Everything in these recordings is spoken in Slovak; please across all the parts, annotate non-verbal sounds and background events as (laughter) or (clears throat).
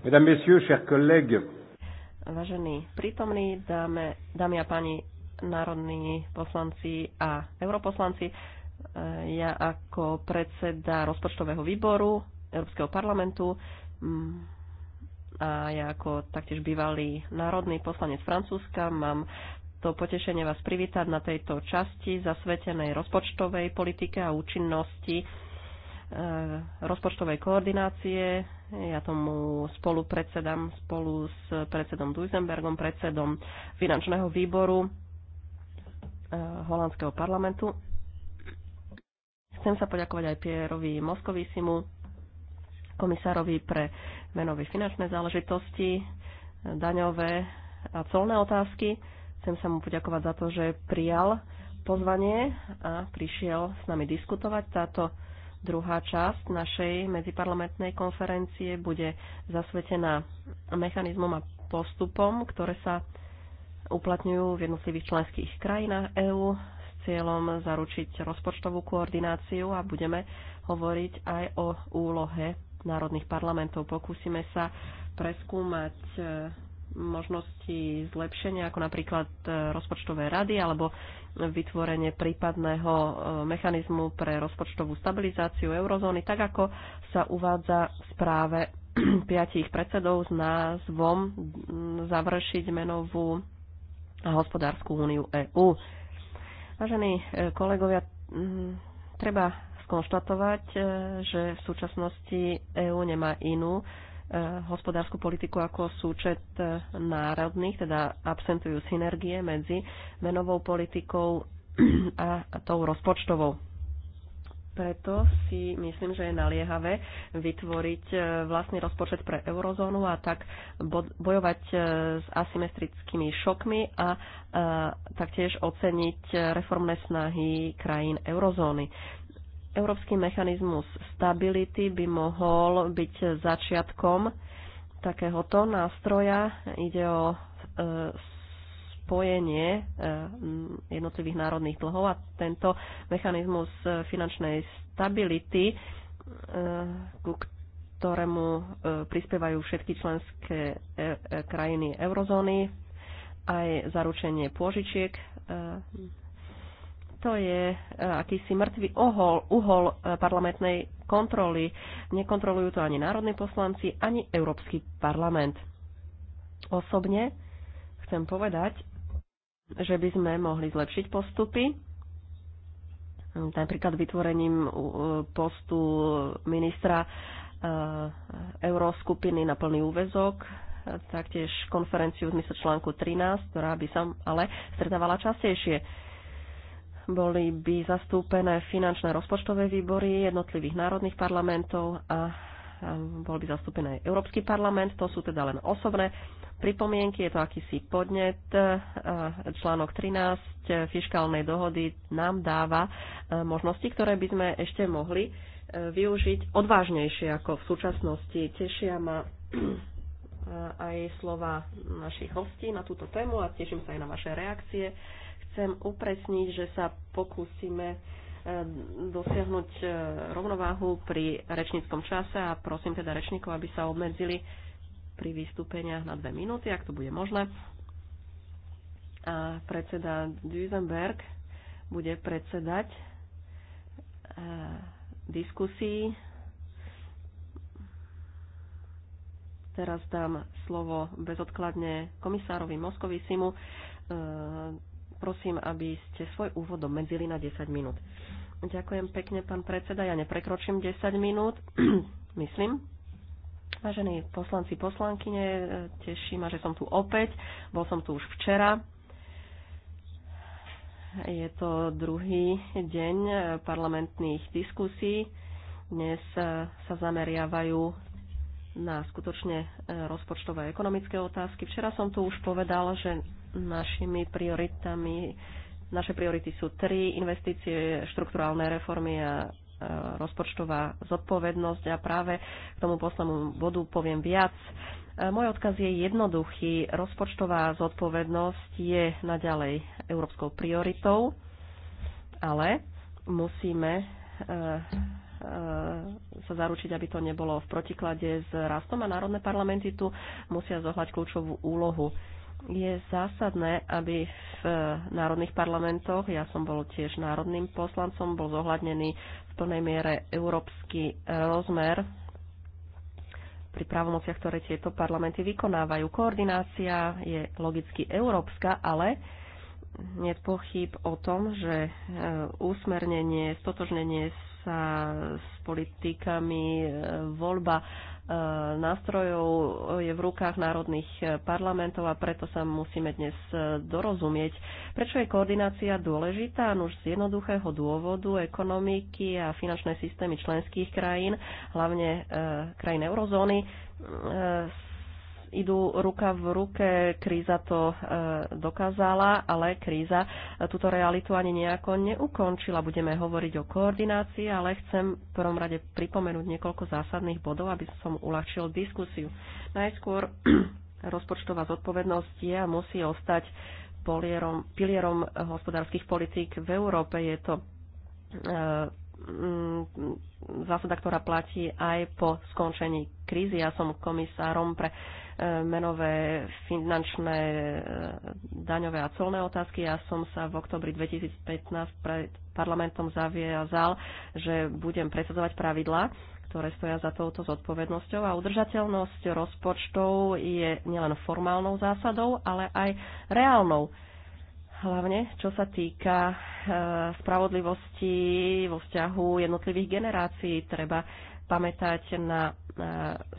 Mesdames, Messieurs, chers collègues. Vážení prítomní, dáme, dámy a páni národní poslanci a europoslanci, eh, ja ako predseda rozpočtového výboru Európskeho parlamentu mm, a ja ako taktiež bývalý národný poslanec Francúzska mám to potešenie vás privítať na tejto časti zasvetenej rozpočtovej politike a účinnosti eh, rozpočtovej koordinácie ja tomu spolu predsedám spolu s predsedom Duisenbergom, predsedom finančného výboru eh, holandského parlamentu. Chcem sa poďakovať aj Pierovi Moskovisimu, komisárovi pre menové finančné záležitosti, daňové a colné otázky. Chcem sa mu poďakovať za to, že prijal pozvanie a prišiel s nami diskutovať. Táto Druhá časť našej medziparlamentnej konferencie bude zasvetená mechanizmom a postupom, ktoré sa uplatňujú v jednotlivých členských krajinách EÚ s cieľom zaručiť rozpočtovú koordináciu a budeme hovoriť aj o úlohe národných parlamentov. Pokúsime sa preskúmať možnosti zlepšenia, ako napríklad e, rozpočtové rady alebo vytvorenie prípadného e, mechanizmu pre rozpočtovú stabilizáciu eurozóny, tak ako sa uvádza v správe (clears throat) piatich predsedov s názvom završiť menovú a hospodárskú úniu EÚ. Vážení e, kolegovia, treba skonštatovať, že v súčasnosti EÚ nemá inú hospodárskú politiku ako súčet e, národných, teda absentujú synergie medzi menovou politikou a tou rozpočtovou. Preto si myslím, že je naliehavé vytvoriť e, vlastný rozpočet pre eurozónu a tak bojovať e, s asymetrickými šokmi a taktiež oceniť reformné snahy krajín eurozóny Európsky mechanizmus stability by mohol byť začiatkom takéhoto nástroja. Ide o e, spojenie e, jednotlivých národných dlhov a tento mechanizmus e, finančnej stability, ku ktorému prispievajú všetky členské krajiny eurozóny, aj zaručenie pôžičiek to je e, akýsi mŕtvý ohol, uhol e, parlamentnej kontroly. Nekontrolujú to ani národní poslanci, ani Európsky parlament. Osobne chcem povedať, že by sme mohli zlepšiť postupy, napríklad vytvorením e, postu ministra euroskupiny na plný úvezok, taktiež konferenciu v zmysle článku 13, ktorá by sa ale stretávala častejšie boli by zastúpené finančné rozpočtové výbory jednotlivých národných parlamentov a bol by zastúpený aj Európsky parlament. To sú teda len osobné pripomienky. Je to akýsi podnet. Článok 13 fiskálnej dohody nám dáva možnosti, ktoré by sme ešte mohli e, využiť odvážnejšie ako v súčasnosti. Tešia ma e, aj slova našich hostí na túto tému a teším sa aj na vaše reakcie chcem upresniť, že sa pokúsime eh, dosiahnuť eh, rovnováhu pri rečníckom čase a prosím teda rečníkov, aby sa obmedzili pri vystúpeniach na dve minúty, ak to bude možné. A predseda Duisenberg bude predsedať eh, diskusii. Teraz dám slovo bezodkladne komisárovi Simu prosím, aby ste svoj úvod obmedzili na 10 minút. Ďakujem pekne, pán predseda. Ja neprekročím 10 minút, (clears throat) myslím. Vážení poslanci, poslankyne, teší ma, že som tu opäť. Bol som tu už včera. Je to druhý deň parlamentných diskusí. Dnes sa zameriavajú na skutočne rozpočtové ekonomické otázky. Včera som tu už povedal, že našimi prioritami. Naše priority sú tri. Investície, štrukturálne reformy a e, rozpočtová zodpovednosť a práve k tomu poslednému bodu poviem viac. E, môj odkaz je jednoduchý. Rozpočtová zodpovednosť je naďalej európskou prioritou, ale musíme e, sa zaručiť, aby to nebolo v protiklade s rastom a národné parlamenty tu musia zohľať kľúčovú úlohu je zásadné, aby v národných parlamentoch, ja som bol tiež národným poslancom, bol zohľadnený v plnej miere európsky rozmer pri právomociach, ktoré tieto parlamenty vykonávajú. Koordinácia je logicky európska, ale nie pochyb o tom, že úsmernenie, e, stotožnenie sa s politikami, e, voľba nástrojov eh, je v rukách národných eh, parlamentov a preto sa musíme dnes eh, dorozumieť. Prečo je koordinácia dôležitá? No už z jednoduchého dôvodu ekonomiky a finančné systémy členských krajín, hlavne krajín eurozóny, idú ruka v ruke. Kríza to e, dokázala, ale kríza e, túto realitu ani nejako neukončila. Budeme hovoriť o koordinácii, ale chcem v prvom rade pripomenúť niekoľko zásadných bodov, aby som uľahčil diskusiu. Najskôr (clears throat) rozpočtová zodpovednosť je a musí ostať polierom, pilierom hospodárskych politík v Európe. Je to e, zásada, ktorá platí aj po skončení krízy. Ja som komisárom pre menové, finančné, e, daňové a colné otázky. Ja som sa v oktobri 2015 pred parlamentom zaviazal, že budem presadzovať pravidlá, ktoré stoja za touto zodpovednosťou a udržateľnosť rozpočtov je nielen formálnou zásadou, ale aj reálnou. Hlavne čo sa týka e, spravodlivosti vo vzťahu jednotlivých generácií, treba pamätať na e,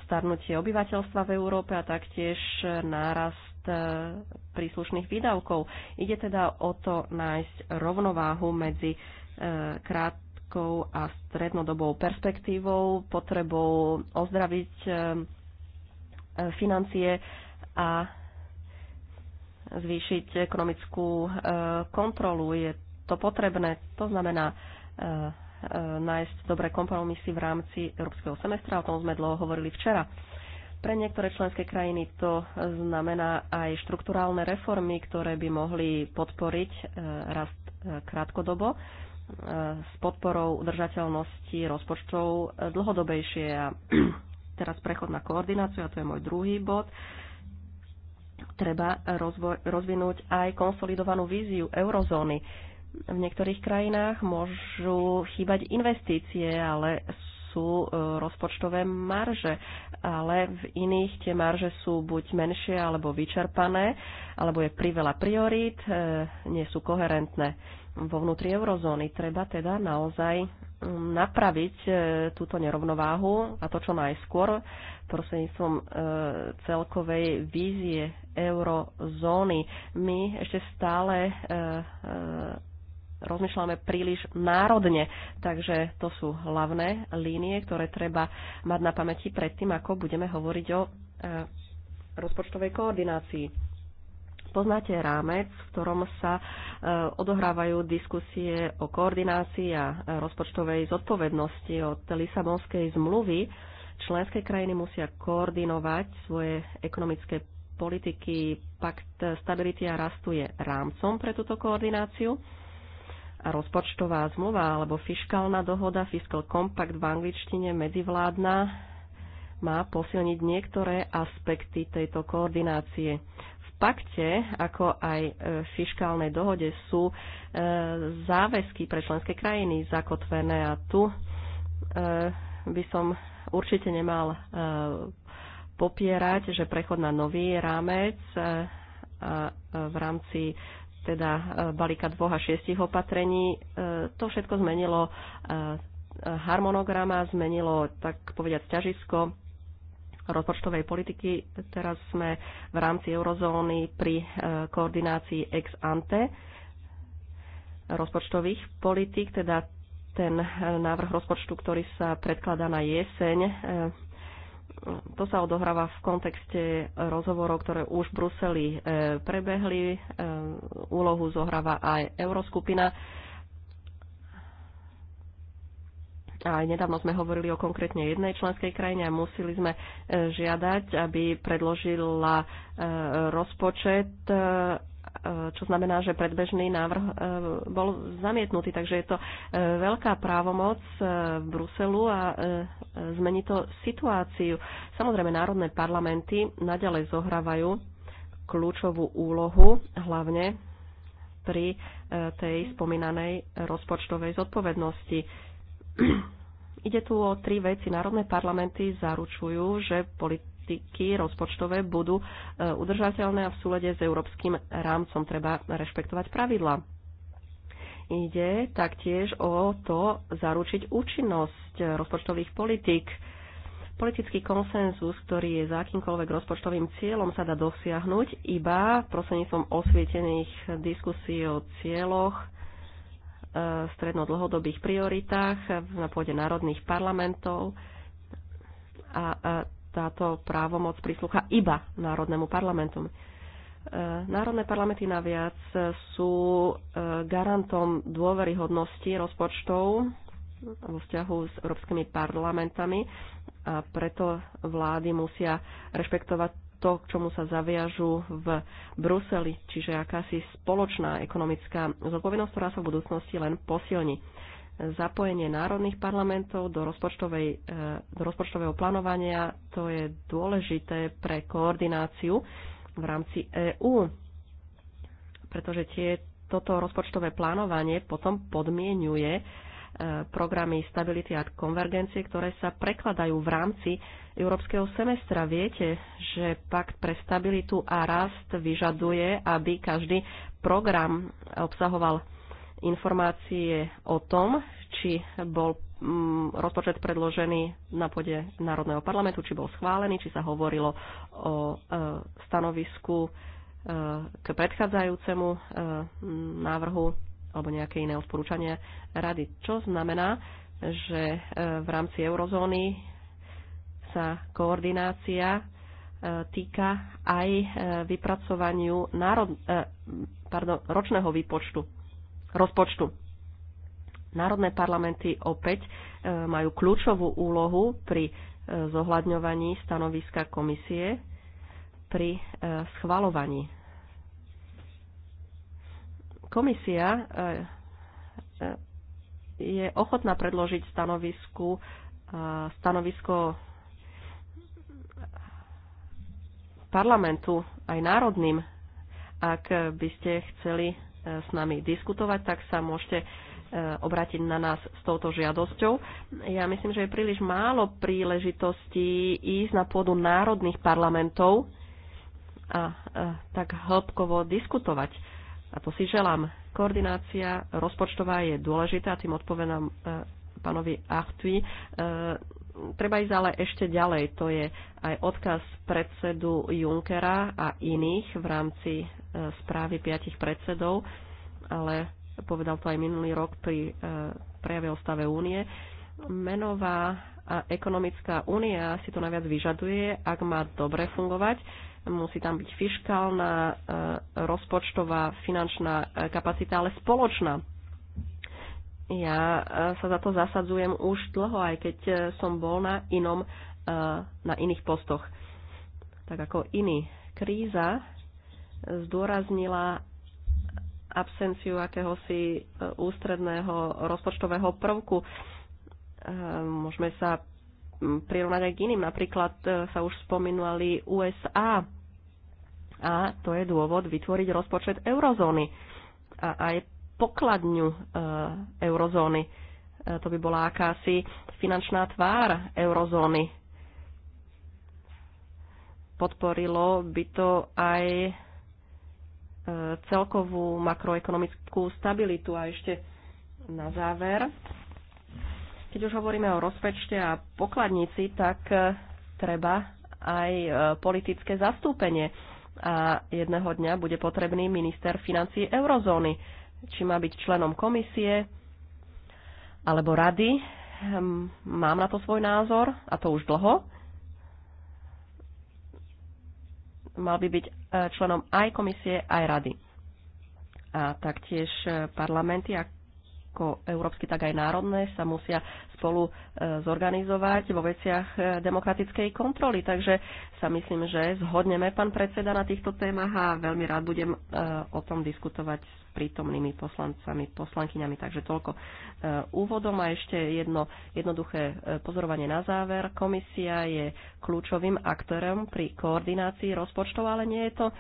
starnutie obyvateľstva v Európe a taktiež nárast e, príslušných výdavkov. Ide teda o to nájsť rovnováhu medzi e, krátkou a strednodobou perspektívou, potrebou ozdraviť financie a zvýšiť ekonomickú kontrolu. Je to potrebné, to znamená Eh, nájsť dobré kompromisy v rámci európskeho semestra, o tom sme dlho hovorili včera. Pre niektoré členské krajiny to znamená aj štrukturálne reformy, ktoré by mohli podporiť eh, rast eh, krátkodobo s podporou udržateľnosti rozpočtov dlhodobejšie. A (clears throat) teraz prechod na koordináciu, a to je môj druhý bod. Treba rozvinúť aj konsolidovanú víziu eurozóny v niektorých krajinách môžu chýbať investície, ale sú e, rozpočtové marže, ale v iných tie marže sú buď menšie alebo vyčerpané, alebo je priveľa priorít, e, nie sú koherentné. Vo vnútri eurozóny treba teda naozaj mm, napraviť e, túto nerovnováhu a to čo najskôr prostredníctvom celkovej vízie eurozóny. My ešte stále rozmýšľame príliš národne. Takže to sú hlavné línie, ktoré treba mať na pamäti predtým, ako budeme hovoriť o e, rozpočtovej koordinácii poznáte rámec, v ktorom sa e, odohrávajú diskusie o koordinácii a rozpočtovej zodpovednosti od Lisabonskej zmluvy. Členské krajiny musia koordinovať svoje ekonomické politiky. Pakt stability a rastu je rámcom pre túto koordináciu rozpočtová zmluva alebo fiskálna dohoda, fiscal compact v angličtine, medzivládna, má posilniť niektoré aspekty tejto koordinácie. V pakte, ako aj v e, fiskálnej dohode, sú e, záväzky pre členské krajiny zakotvené a tu e, by som určite nemal popierať, že prechod na nový rámec v rámci teda e, balíka dvoch a šiestich opatrení. E, to všetko zmenilo e, harmonograma, zmenilo, tak povediať, ťažisko rozpočtovej politiky. Teraz sme v rámci eurozóny pri koordinácii ex ante rozpočtových politik, teda ten návrh rozpočtu, ktorý sa predkladá na jeseň, to sa odohráva v kontexte rozhovorov, ktoré už v Bruseli e, prebehli. E, úlohu zohráva aj Euroskupina. A aj nedávno sme hovorili o konkrétne jednej členskej krajine a museli sme e, žiadať, aby predložila rozpočet E, čo znamená, že predbežný návrh e, bol zamietnutý. Takže je to e, veľká právomoc v Bruselu a zmení to situáciu. Samozrejme, národné parlamenty naďalej zohrávajú kľúčovú úlohu, hlavne pri tej spomínanej rozpočtovej zodpovednosti. (clears throat) Ide tu o tri veci. Národné parlamenty zaručujú, že polit- politiky rozpočtové budú e, udržateľné a v súlede s európskym rámcom treba rešpektovať pravidla. Ide taktiež o to zaručiť účinnosť rozpočtových politik. Politický konsenzus, ktorý je za akýmkoľvek rozpočtovým cieľom, sa dá dosiahnuť iba prostredníctvom osvietených diskusí o cieľoch, e, strednodlhodobých prioritách na pôde národných parlamentov a táto právomoc príslucha iba Národnému parlamentu. E, Národné parlamenty naviac sú e, garantom dôveryhodnosti rozpočtov vo vzťahu s európskymi parlamentami a preto vlády musia rešpektovať to, k čomu sa zaviažu v Bruseli, čiže akási spoločná ekonomická zodpovednosť, ktorá sa v budúcnosti len posilní zapojenie národných parlamentov do, rozpočtovej, e, do rozpočtového plánovania. To je dôležité pre koordináciu v rámci EÚ, pretože tie, toto rozpočtové plánovanie potom podmienuje e, programy stability a konvergencie, ktoré sa prekladajú v rámci európskeho semestra. Viete, že Pakt pre stabilitu a rast vyžaduje, aby každý program obsahoval informácie o tom, či bol mm, rozpočet predložený na pôde Národného parlamentu, či bol schválený, či sa hovorilo o e, stanovisku e, k predchádzajúcemu e, návrhu alebo nejaké iné odporúčanie rady. Čo znamená, že v rámci eurozóny sa koordinácia týka aj vypracovaniu národ, pardon, ročného výpočtu rozpočtu. Národné parlamenty opäť e, majú kľúčovú úlohu pri e, zohľadňovaní stanoviska komisie pri e, schvalovaní. Komisia je ochotná predložiť stanovisku, stanovisko parlamentu aj národným, ak by ste chceli s nami diskutovať, tak sa môžete e, obrátiť na nás s touto žiadosťou. Ja myslím, že je príliš málo príležitostí ísť na pôdu národných parlamentov a e, tak hĺbkovo diskutovať. A to si želám. Koordinácia rozpočtová je dôležitá, tým odpovedám e, pánovi Achtui treba ísť ale ešte ďalej. To je aj odkaz predsedu Junckera a iných v rámci e, správy piatich predsedov, ale povedal to aj minulý rok pri e, prejave o stave únie. Menová a ekonomická únia si to najviac vyžaduje, ak má dobre fungovať. Musí tam byť fiškálna, e, rozpočtová, finančná kapacita, ale spoločná ja eh, sa za to zasadzujem už dlho, aj keď eh, som bol na inom, eh, na iných postoch. Tak ako iný. Kríza zdôraznila absenciu akéhosi ústredného rozpočtového prvku. Môžeme sa hm, prirovnať aj k iným. Napríklad sa už spomínali USA. A to je dôvod vytvoriť rozpočet eurozóny. A aj pokladňu e, eurozóny. E, to by bola akási finančná tvár eurozóny. Podporilo by to aj e, celkovú makroekonomickú stabilitu. A ešte na záver, keď už hovoríme o rozpečte a pokladnici, tak treba aj politické zastúpenie. A jedného dňa bude potrebný minister financí eurozóny či má byť členom komisie alebo rady. Hm, mám na to svoj názor a to už dlho. Mal by byť e, členom aj komisie, aj rady. A taktiež e, parlamenty ako európsky, tak aj národné sa musia spolu e, zorganizovať vo veciach demokratickej kontroly. Takže sa myslím, že zhodneme, pán predseda, na týchto témach a veľmi rád budem o tom diskutovať s prítomnými poslancami, poslankyňami. Takže toľko eh, úvodom a ešte jedno jednoduché eh, pozorovanie na záver. Komisia je kľúčovým aktorom pri koordinácii rozpočtov, ale nie je to eh,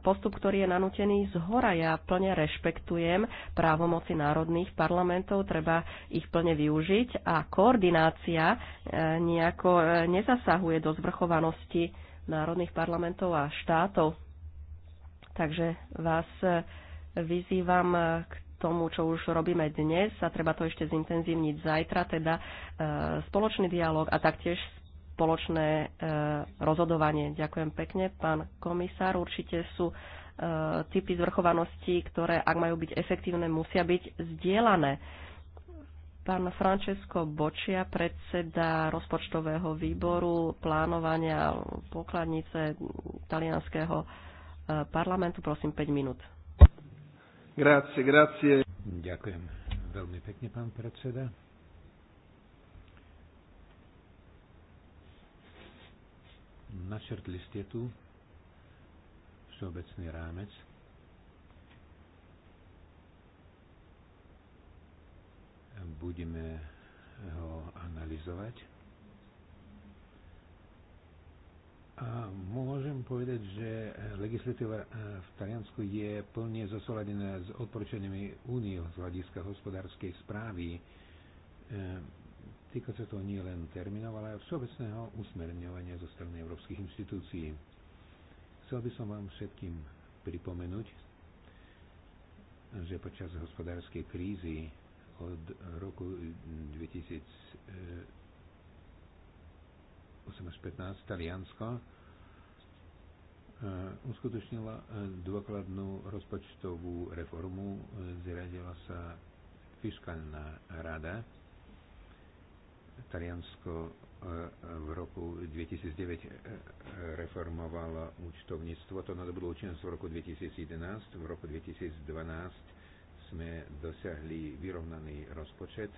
postup, ktorý je nanútený z hora. Ja plne rešpektujem právomoci národných parlamentov, treba ich plne využiť a koordinácia nejako nezasahuje do zvrchovanosti národných parlamentov a štátov. Takže vás vyzývam eh, k tomu, čo už robíme dnes a treba to ešte zintenzívniť zajtra, teda eh, spoločný dialog a taktiež spoločné eh, rozhodovanie. Ďakujem pekne, pán komisár. Určite sú typy zvrchovanosti, ktoré, ak majú byť efektívne, musia byť zdieľané. Pán Francesco Bočia, predseda rozpočtového výboru plánovania pokladnice talianského parlamentu, prosím 5 minút. Grazie, grazie. Ďakujem veľmi pekne, pán predseda. Načrtli ste tu všeobecný rámec budeme ho analyzovať. A môžem povedať, že eh, legislatíva eh, v Taliansku je plne zosoladená s odporúčaniami únie z hľadiska hospodárskej správy. Eh, týka sa to nie len termínov, ale všeobecného usmerňovania zo strany európskych inštitúcií. Chcel by som vám všetkým pripomenúť, že počas hospodárskej krízy od roku 2000 1815 Taliansko eh, uskutočnila eh, dôkladnú rozpočtovú reformu, eh, zriadila sa fiskálna rada. Taliansko v roku 2009 reformovalo účtovníctvo, to nadobudlo účinnosť v roku 2011, v roku 2012 sme dosiahli vyrovnaný rozpočet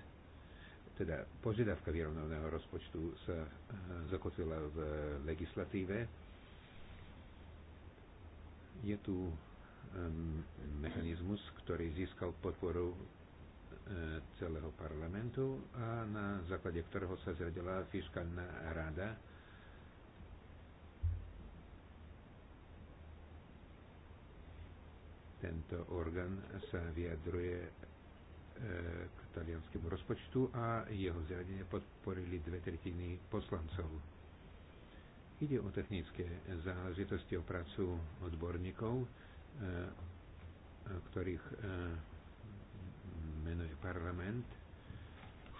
teda požiadavka vyrovnaného rozpočtu sa e, zakotvila v e, legislatíve. Je tu mechanizmus, ktorý získal podporu e, celého parlamentu a na základe ktorého sa zradila fiskálna rada. Tento orgán sa vyjadruje k talianskému rozpočtu a jeho zriadenie podporili dve tretiny poslancov. Ide o technické záležitosti, o prácu odborníkov, e, ktorých e, menuje parlament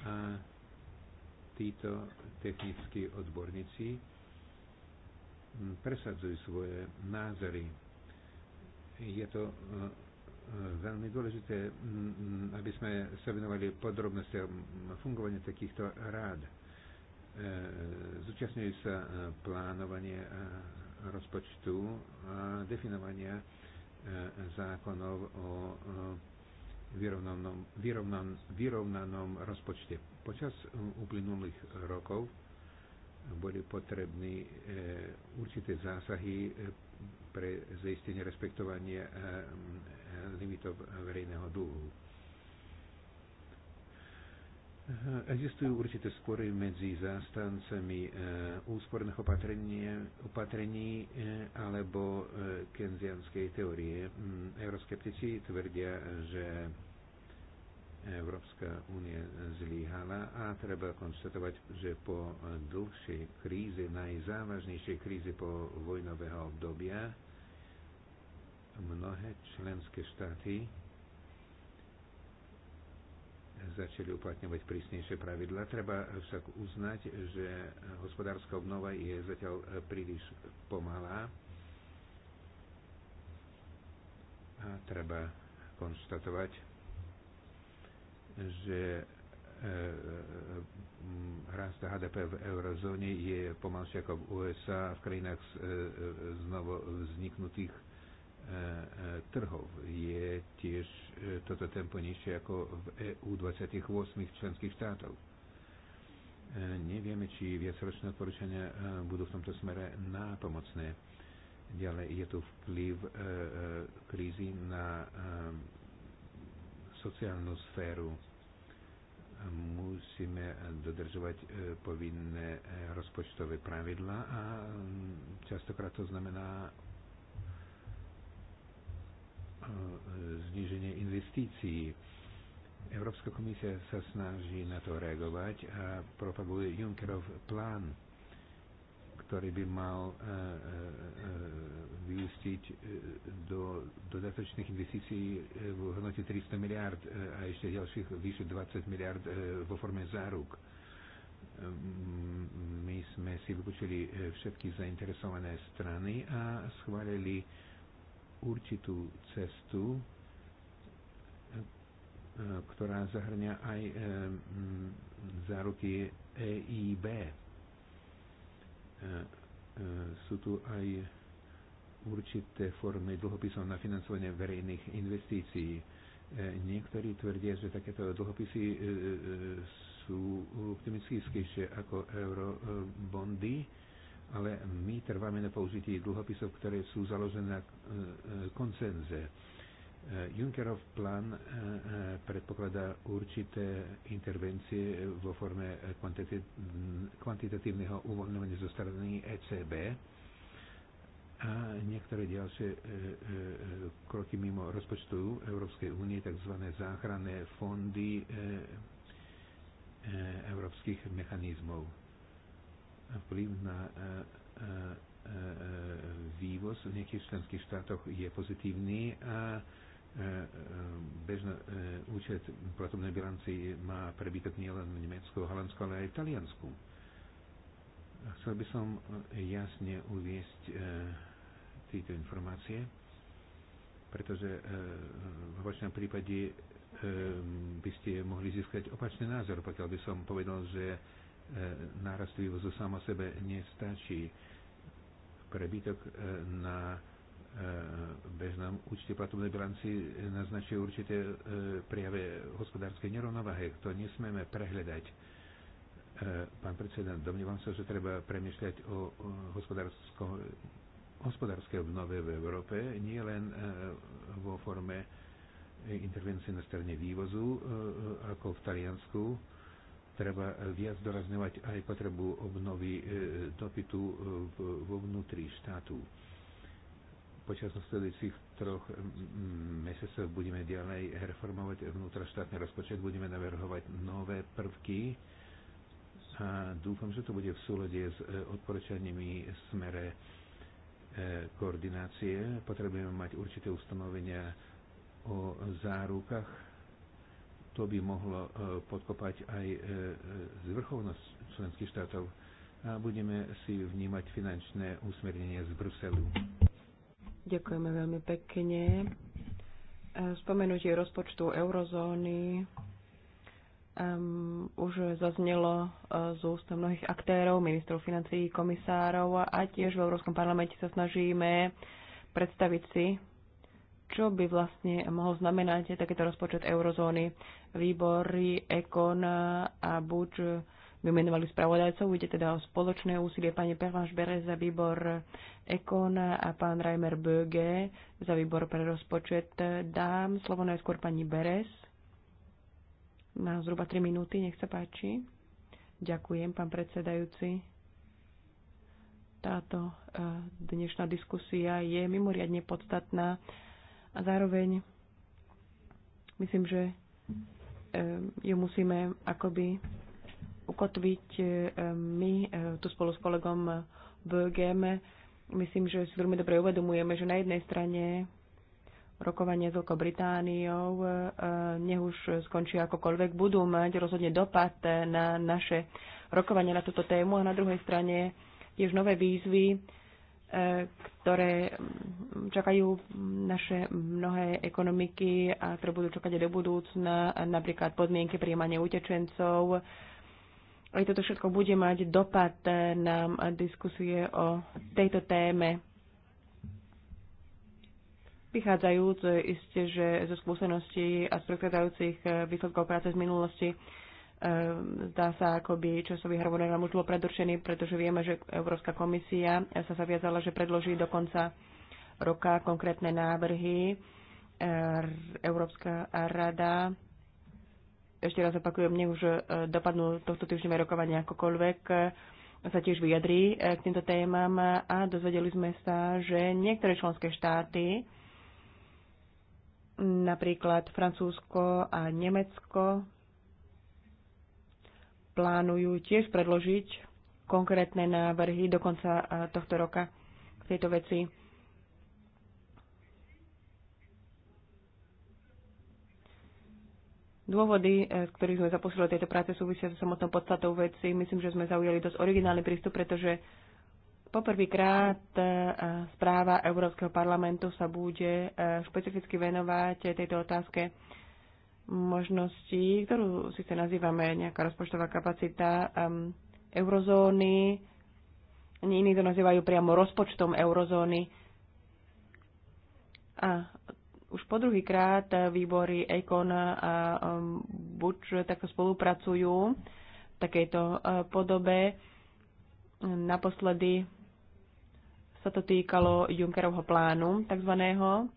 a títo technickí odborníci presadzujú svoje názory. Je to e, veľmi dôležité, aby sme sa venovali podrobnostiam fungovania takýchto rád. E, Zúčastňujú sa e, plánovanie e, rozpočtu a definovania zákonov o vyrovnanom, vyrovnan, vyrovnanom rozpočte. Počas uplynulých rokov boli potrebné určité zásahy pre zaistenie respektovania limitov verejného dlhu. Existujú určité spory medzi zástancami e, úsporných opatrení, opatrení e, alebo e, kenzianskej teórie. Mm, euroskeptici tvrdia, že Európska únie zlíhala a treba konštatovať, že po dlhšej kríze, najzávažnejšej kríze po vojnového obdobia, mnohé členské štáty začali uplatňovať prísnejšie pravidla. Treba však uznať, že hospodárska obnova je zatiaľ príliš pomalá a treba konštatovať, že e, e, rast HDP v eurozóne je pomalšie ako v USA, v krajinách e, z novo vzniknutých E, e, trhov. Je tiež e, toto tempo nižšie ako v EU 28 členských štátov. Nevieme, či viacročné odporúčania budú v tomto smere nápomocné. Ďalej je tu vplyv krízy na sociálnu sféru. Musíme dodržovať povinné rozpočtové pravidla a častokrát to znamená E, zniženie investícií. Európska komisia sa snaží na to reagovať a propaguje Junckerov plán, ktorý by mal e, e, vyústiť do dodatočných investícií v hodnote 300 miliard a ešte ďalších vyše 20 miliard vo forme záruk. Ehm, my sme si vypočuli všetky zainteresované strany a schválili určitú cestu, e, ktorá zahrňa aj e, záruky EIB. E, sú tu aj určité formy dlhopisov na financovanie verejných investícií. Niektorí tvrdia, že takéto dlhopisy sú optimistickejšie ako eurobondy ale my trváme na použití dlhopisov, ktoré sú založené na e, e, koncenze. E, Junckerov plán predpokladá určité intervencie vo forme kvantitatívneho uvoľňovania zo strany ECB a niektoré ďalšie kroky mimo rozpočtu Európskej únie, tzv. záchranné fondy európskych mechanizmov vplyv na e, e, e, vývoz v nejakých členských štátoch je pozitívny a bežný účet platobnej bilanci má prebytok nielen v Nemecku, Holandsku, ale aj v Taliansku. Chcel by som jasne uviesť tieto informácie, pretože v opačnom prípade by ste mohli získať opačný názor, pokiaľ by som povedal, že E, nárastlivosť vývozu samo sebe nestačí. Prebytok e, na e, bežnom účte platobnej bilanci naznačuje určité prejave hospodárskej nerovnováhy. To nesmieme prehľadať. Pán predseda, domnívam sa, že treba premyšľať o hospodárskej obnove v Európe, nie len vo forme intervencie na strane vývozu, ako v Taliansku, treba viac dorazňovať aj potrebu obnovy e, dopytu e, vo vnútri štátu. Počas nasledujúcich troch mesiacov budeme ďalej reformovať vnútroštátny rozpočet, budeme navrhovať nové prvky a dúfam, že to bude v súlade s e, odporúčaniami smere koordinácie. Potrebujeme mať určité ustanovenia o zárukách to by mohlo e, podkopať aj e, e, zvrchovnosť členských štátov a budeme si vnímať finančné usmernenie z Bruselu. Ďakujeme veľmi pekne. Spomenutie rozpočtu eurozóny um, už zaznelo z úst mnohých aktérov, ministrov financií, komisárov a tiež v Európskom parlamente sa snažíme predstaviť si čo by vlastne mohol znamenať takýto rozpočet eurozóny. Výbory Ekon a Buč vymenovali spravodajcov. Ide teda o spoločné úsilie pani Pervanš Berez za výbor Ekon a pán Reimer Böge za výbor pre rozpočet. Dám slovo najskôr pani Beres. Má zhruba 3 minúty, nech sa páči. Ďakujem, pán predsedajúci. Táto eh, dnešná diskusia je mimoriadne podstatná a zároveň myslím, že ju musíme akoby ukotviť my tu spolu s kolegom GM. Myslím, že si veľmi dobre uvedomujeme, že na jednej strane rokovanie s Veľkou Britániou e, nech už skončia akokoľvek, budú mať rozhodne dopad na naše rokovanie na túto tému a na druhej strane tiež nové výzvy, E, ktoré mm, čakajú naše mnohé ekonomiky a ktoré budú čakať aj do budúcna, napríklad podmienky príjmania utečencov. Aj toto všetko bude mať dopad na diskusie o tejto téme. Vychádzajúc e, isté, že zo skúseností a z predchádzajúcich e, výsledkov práce z minulosti Ehm, zdá sa, akoby časový harmonogram už bol predurčený, pretože vieme, že Európska komisia sa zaviazala, že predloží do konca roka konkrétne návrhy. Ehm, Európska rada ešte raz opakujem, nech už e, dopadnú tohto týždňové rokovania akokoľvek, e, sa tiež vyjadrí e, k týmto témam a dozvedeli sme sa, že niektoré členské štáty, napríklad Francúzsko a Nemecko, plánujú tiež predložiť konkrétne návrhy do konca eh, tohto roka v tejto veci. Dôvody, eh, z ktorých sme zapustili tejto práce, súvisia s samotnou podstatou veci. Myslím, že sme zaujali dosť originálny prístup, pretože poprvýkrát eh, správa Európskeho parlamentu sa bude špecificky venovať tejto otázke možností, ktorú síce nazývame nejaká rozpočtová kapacita um, eurozóny, iní to nazývajú priamo rozpočtom eurozóny. A už po druhýkrát výbory EKON a um, buď takto spolupracujú v takejto uh, podobe. Naposledy sa to týkalo Junckerovho plánu, takzvaného,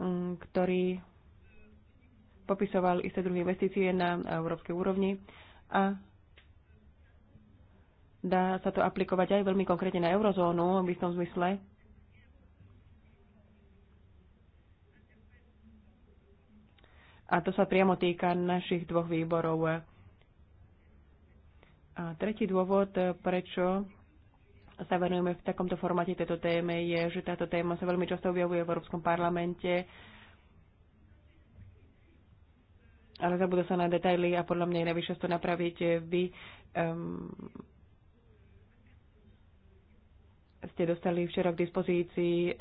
um, ktorý popisoval isté druhé investície na európskej úrovni a dá sa to aplikovať aj veľmi konkrétne na eurozónu v istom zmysle. A to sa priamo týka našich dvoch výborov. A tretí dôvod, prečo sa venujeme v takomto formáte tejto téme, je, že táto téma sa veľmi často objavuje v Európskom parlamente ale zabudol sa na detaily a podľa mňa je najvyššie to napraviť. Vy um, ste dostali včera k dispozícii eh,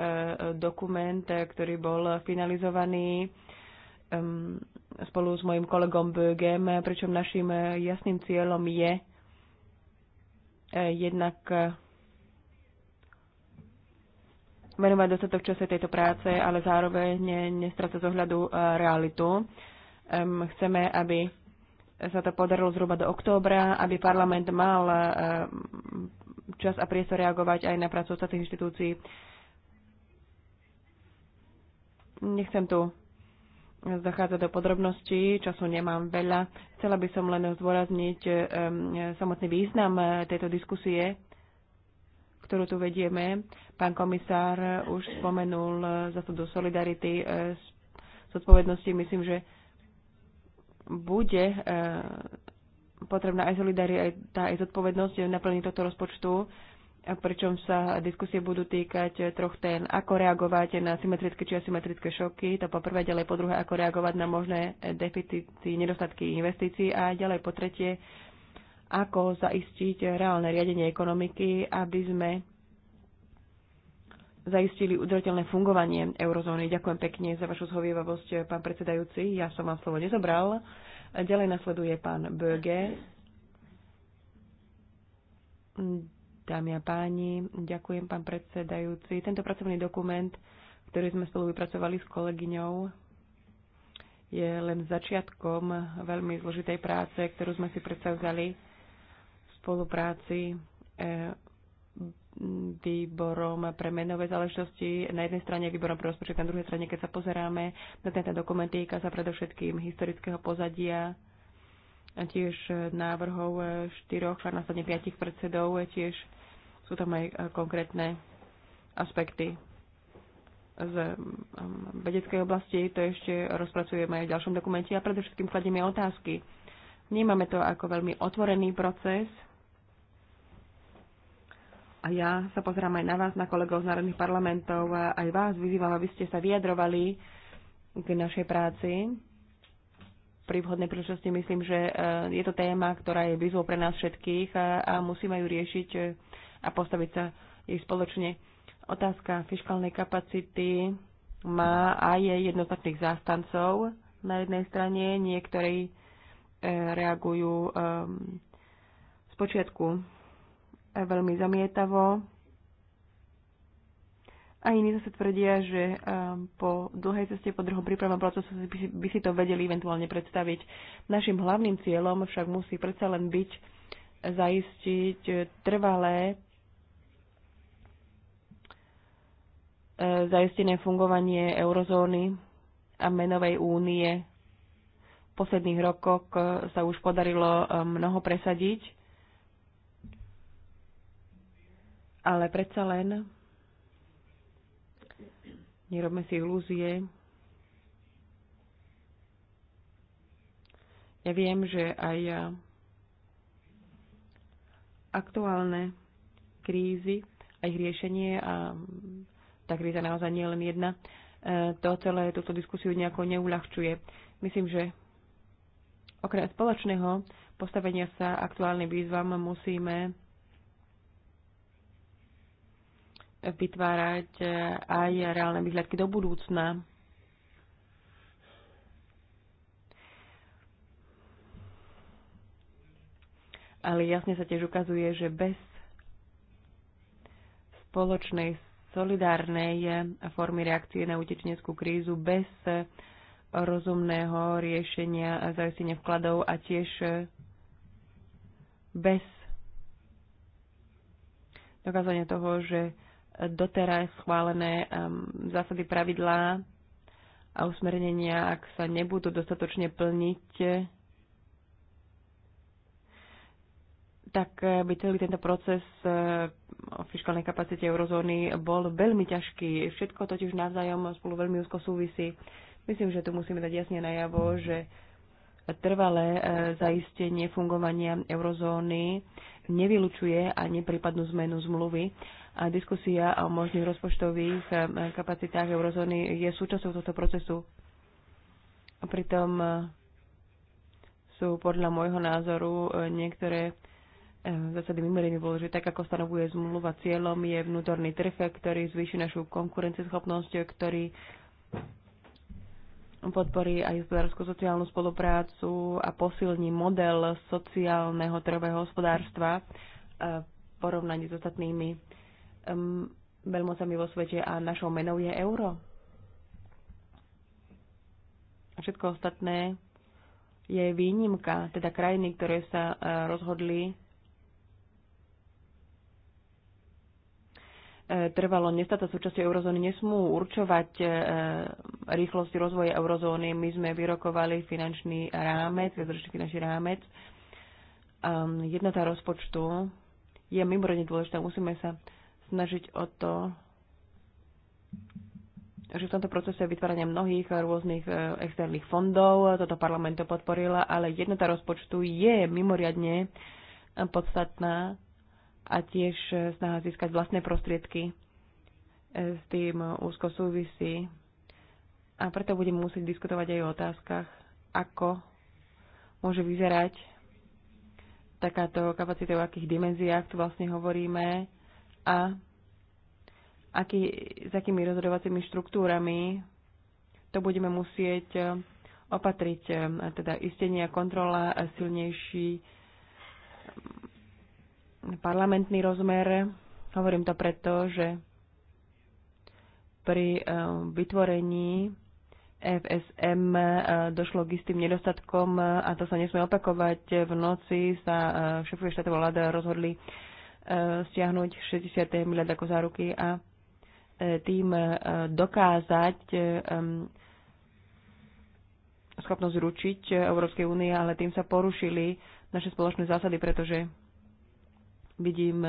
dokument, ktorý bol finalizovaný ehm, spolu s mojim kolegom Bögem, pričom našim jasným cieľom je eh, jednak eh, venovať dostatok čase tejto práce, ale zároveň nestrácať zohľadu realitu. Um, chceme, aby sa to podarilo zhruba do októbra, aby parlament mal um, čas a priestor reagovať aj na prácu ostatných inštitúcií. Nechcem tu zachádzať do podrobností, času nemám veľa. Chcela by som len zdôrazniť um, samotný význam eh, tejto diskusie, ktorú tu vedieme. Pán komisár už spomenul za to do solidarity, s eh, zodpovednosti. Myslím, že bude eh, potrebná aj solidarita, aj zodpovednosť naplniť tohto rozpočtu, pričom sa diskusie budú týkať eh, troch tém. Ako reagovať na symetrické či asymetrické šoky, to po prvé, ďalej po druhé, ako reagovať na možné eh, deficity, nedostatky investícií a ďalej po tretie, ako zaistiť reálne riadenie ekonomiky, aby sme zaistili udržateľné fungovanie eurozóny. Ďakujem pekne za vašu zhovievavosť, pán predsedajúci. Ja som vám slovo nezobral. Ďalej nasleduje pán Böge. Dámy a páni, ďakujem pán predsedajúci. Tento pracovný dokument, ktorý sme spolu vypracovali s kolegyňou, je len začiatkom veľmi zložitej práce, ktorú sme si predstavzali v spolupráci eh, výborom pre menové záležitosti, na jednej strane výborom pre rozpočet, na druhej strane, keď sa pozeráme na tento dokument, týka sa predovšetkým historického pozadia, tiež návrhov štyroch a následne piatich predsedov, tiež sú tam aj konkrétne aspekty z um, vedeckej oblasti, to ešte rozpracujeme aj v ďalšom dokumente a predovšetkým kladieme otázky. Vnímame to ako veľmi otvorený proces, a ja sa pozerám aj na vás, na kolegov z národných parlamentov, a aj vás vyzývam, aby ste sa vyjadrovali k našej práci. Pri vhodnej príležitosti myslím, že e, je to téma, ktorá je výzvou pre nás všetkých a, a musíme ju riešiť e, a postaviť sa jej spoločne. Otázka fiskálnej kapacity má aj jednotných zástancov. Na jednej strane niektorí e, reagujú z počiatku veľmi zamietavo. A iní zase tvrdia, že um, po dlhej ceste, po druhom prípravnom procesu by si to vedeli eventuálne predstaviť. Našim hlavným cieľom však musí predsa len byť zaistiť trvalé e, zaistené fungovanie eurozóny a menovej únie. V posledných rokoch e, sa už podarilo e, mnoho presadiť Ale predsa len nerobme si ilúzie. Ja viem, že aj aktuálne krízy a ich riešenie a tá kríza naozaj nie je len jedna, eh, to celé túto diskusiu nejako neuľahčuje. Myslím, že okrem spoločného postavenia sa aktuálnym výzvam musíme vytvárať eh, aj reálne výhľadky do budúcna. Ale jasne sa tiež ukazuje, že bez spoločnej solidárnej formy reakcie na utečeneckú krízu, bez rozumného riešenia a zaistenia vkladov a tiež bez dokázania toho, že doteraz schválené ehm, zásady pravidlá a usmernenia, ak sa nebudú dostatočne plniť, tak eh, by celý tento proces eh, o fiskálnej kapacite eurozóny bol veľmi ťažký. Všetko totiž navzájom spolu veľmi úzko súvisí. Myslím, že tu musíme dať jasne najavo, že trvalé eh, zaistenie fungovania eurozóny nevylučuje ani prípadnú zmenu zmluvy a diskusia o možných rozpočtových eh, kapacitách eurozóny je súčasťou tohto procesu. A pritom eh, sú podľa môjho názoru eh, niektoré zásady mimoriadne že Tak ako stanovuje zmluva, cieľom je vnútorný trh, ktorý zvýši našu konkurencieschopnosť, ktorý podporí aj hospodárskú sociálnu spoluprácu a posilní model sociálneho trhového hospodárstva v porovnaní s ostatnými um, veľmocami vo svete a našou menou je euro. A všetko ostatné je výnimka, teda krajiny, ktoré sa e, rozhodli e, trvalo nestať súčasťou eurozóny, nesmú určovať e, rýchlosť rozvoja eurozóny. My sme vyrokovali finančný rámec, viacročný finančný rámec. Jednota rozpočtu je mimoriadne dôležitá. Musíme sa snažiť o to, že v tomto procese vytvárania mnohých rôznych e, externých fondov, e, toto parlament to podporila, ale jednota rozpočtu je mimoriadne e, podstatná a tiež snaha získať vlastné prostriedky s tým úzko súvisí. A preto budeme musieť diskutovať aj o otázkach, ako môže vyzerať takáto kapacita, o akých dimenziách tu vlastne hovoríme a aký, s akými rozhodovacími štruktúrami to budeme musieť e, opatriť. E, teda istenie a kontrola a e, silnejší mm, parlamentný rozmer. Hovorím to preto, že pri vytvorení FSM došlo k istým nedostatkom a to sa nesmie opakovať. V noci sa šefuje štátová vláda rozhodli stiahnuť 60 miliard ako záruky a e, tým e, dokázať e, schopnosť ručiť Európskej únie, ale tým sa porušili naše spoločné zásady, pretože vidím,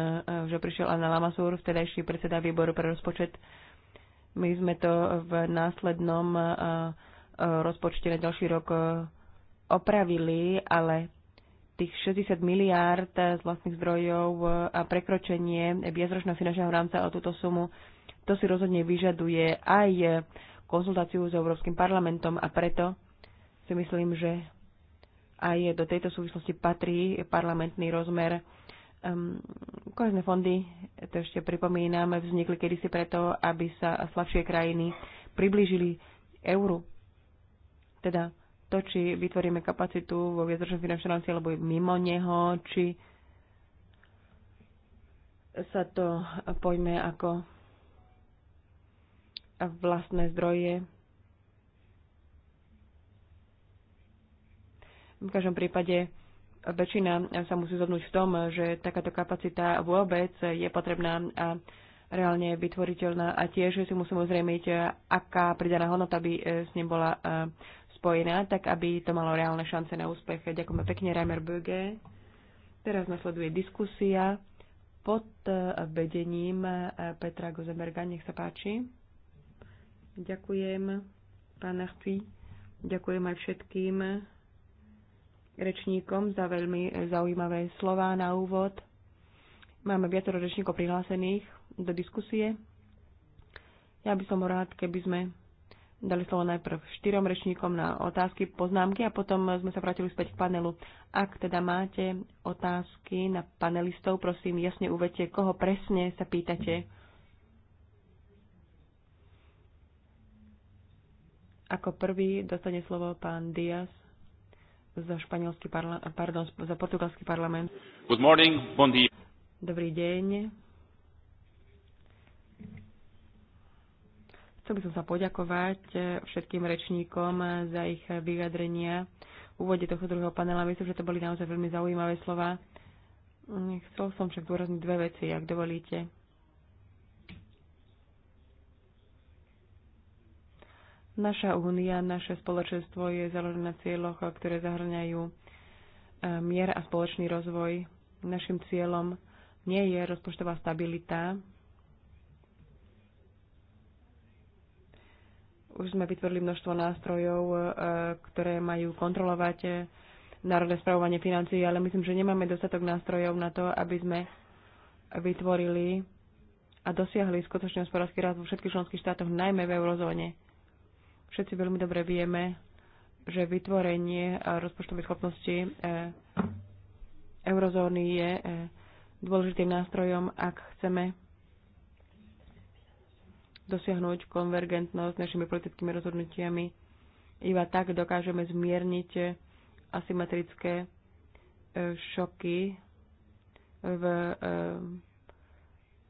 že prišiel Anna Lamasur, vtedajší predseda výboru pre rozpočet. My sme to v následnom rozpočte na ďalší rok opravili, ale tých 60 miliárd z vlastných zdrojov e, a prekročenie viacročného finančného rámca o túto sumu, to si rozhodne vyžaduje aj konzultáciu s Európskym parlamentom a preto si myslím, že aj do tejto súvislosti patrí parlamentný rozmer. Um, kohezné fondy, to ešte pripomínam, vznikli kedysi preto, aby sa slabšie krajiny priblížili euru. Teda to, či vytvoríme kapacitu vo viacročnom finančnom rámci alebo mimo neho, či sa to pojme ako vlastné zdroje. V každom prípade väčšina sa musí zhodnúť v tom, že takáto kapacita vôbec je potrebná a reálne vytvoriteľná a tiež si musíme uzrejmiť, aká pridaná hodnota by s ním bola spojená, tak aby to malo reálne šance na úspech. Ďakujeme pekne, Reimer Böge. Teraz nasleduje diskusia pod eh, vedením eh, Petra Gozemberga. Nech sa páči. Ďakujem, pán Nachci. Ďakujem aj všetkým rečníkom za veľmi eh, zaujímavé slova na úvod. Máme viacero rečníkov prihlásených do diskusie. Ja by som rád, keby sme Dali slovo najprv štyrom rečníkom na otázky, poznámky a potom sme sa vrátili späť k panelu. Ak teda máte otázky na panelistov, prosím, jasne uvedte, koho presne sa pýtate. Ako prvý dostane slovo pán Diaz za, parla- pardon, za portugalský parlament. Good morning, bon dia. Dobrý deň. Chcel by som sa poďakovať eh, všetkým rečníkom za ich vyjadrenia. V úvode tohto druhého panela myslím, že to boli naozaj veľmi zaujímavé slova. Chcel som však dôrazniť dve veci, ak dovolíte. Naša únia, naše spoločenstvo je založené na cieľoch, ktoré zahrňajú eh, mier a spoločný rozvoj. Našim cieľom nie je rozpočtová stabilita, Už sme vytvorili množstvo nástrojov, e, ktoré majú kontrolovať e, národné spravovanie financií, ale myslím, že nemáme dostatok nástrojov na to, aby sme vytvorili a dosiahli skutočný hospodársky rast vo všetkých členských štátoch, najmä v eurozóne. Všetci veľmi dobre vieme, že vytvorenie e, rozpočtovej schopnosti eurozóny je dôležitým nástrojom, ak chceme dosiahnuť konvergentnosť našimi politickými rozhodnutiami. Iba tak dokážeme zmierniť asymetrické e, šoky v e,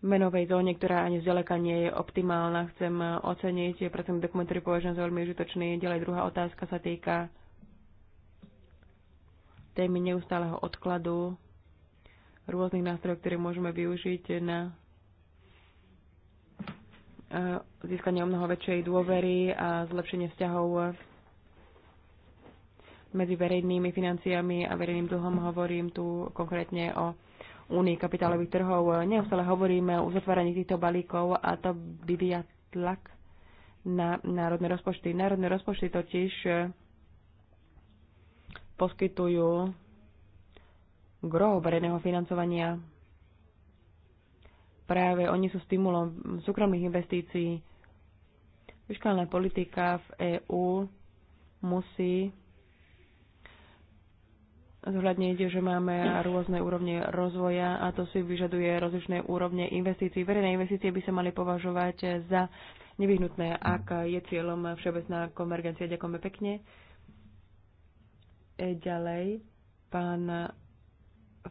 menovej zóne, ktorá ani zďaleka nie je optimálna. Chcem oceniť, preto dokument, ktorý považujem za veľmi užitočný. Ďalej druhá otázka sa týka témy neustáleho odkladu rôznych nástrojov, ktoré môžeme využiť na E, získanie o mnoho väčšej dôvery a zlepšenie vzťahov medzi verejnými financiami a verejným dlhom. Hovorím tu konkrétne o únii kapitálových trhov. Neustále hovoríme o uzatváraní týchto balíkov a to via tlak na národné rozpočty. Národné rozpočty totiž e, poskytujú gro verejného financovania práve oni sú stimulom súkromných investícií. Fiskálna politika v EÚ musí zohľadniť, že máme rôzne úrovne rozvoja a to si vyžaduje rozličné úrovne investícií. Verejné investície by sa mali považovať za nevyhnutné, ak je cieľom všeobecná konvergencia. Ďakujeme pekne. E, ďalej, pán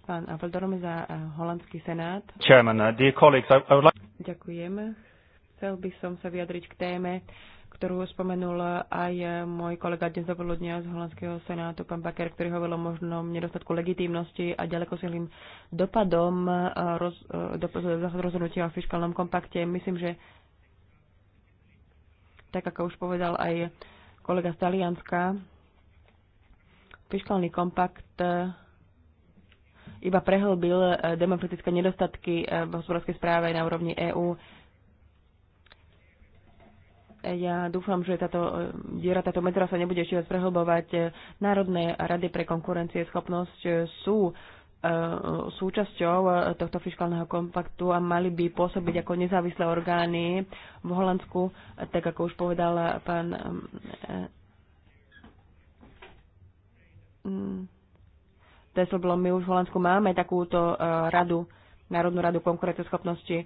pán Apeldorom za eh, holandský senát. Chairman, uh, dear colleagues, I, I would like... Ďakujem. Chcel by som sa vyjadriť k téme, ktorú spomenul aj eh, môj kolega dnes dňa z holandského senátu, pán Baker, ktorý hovoril o možnom nedostatku legitímnosti a silným dopadom roz, do, rozhodnutia o fiskálnom kompakte. Myslím, že tak ako už povedal aj kolega z Talianska, fiskálny kompakt iba prehlbil e, demokratické nedostatky e, v hospodárskej správe na úrovni EÚ. E, ja dúfam, že táto diera, táto medzera sa nebude ešte viac prehlbovať. Národné rady pre konkurencie schopnosť sú súčasťou tohto fiskálneho kompaktu a mali by pôsobiť ako nezávislé orgány v Holandsku, tak ako už povedal pán Teslblom. my už v Holandsku máme takúto e, radu, Národnú radu konkurenceschopnosti.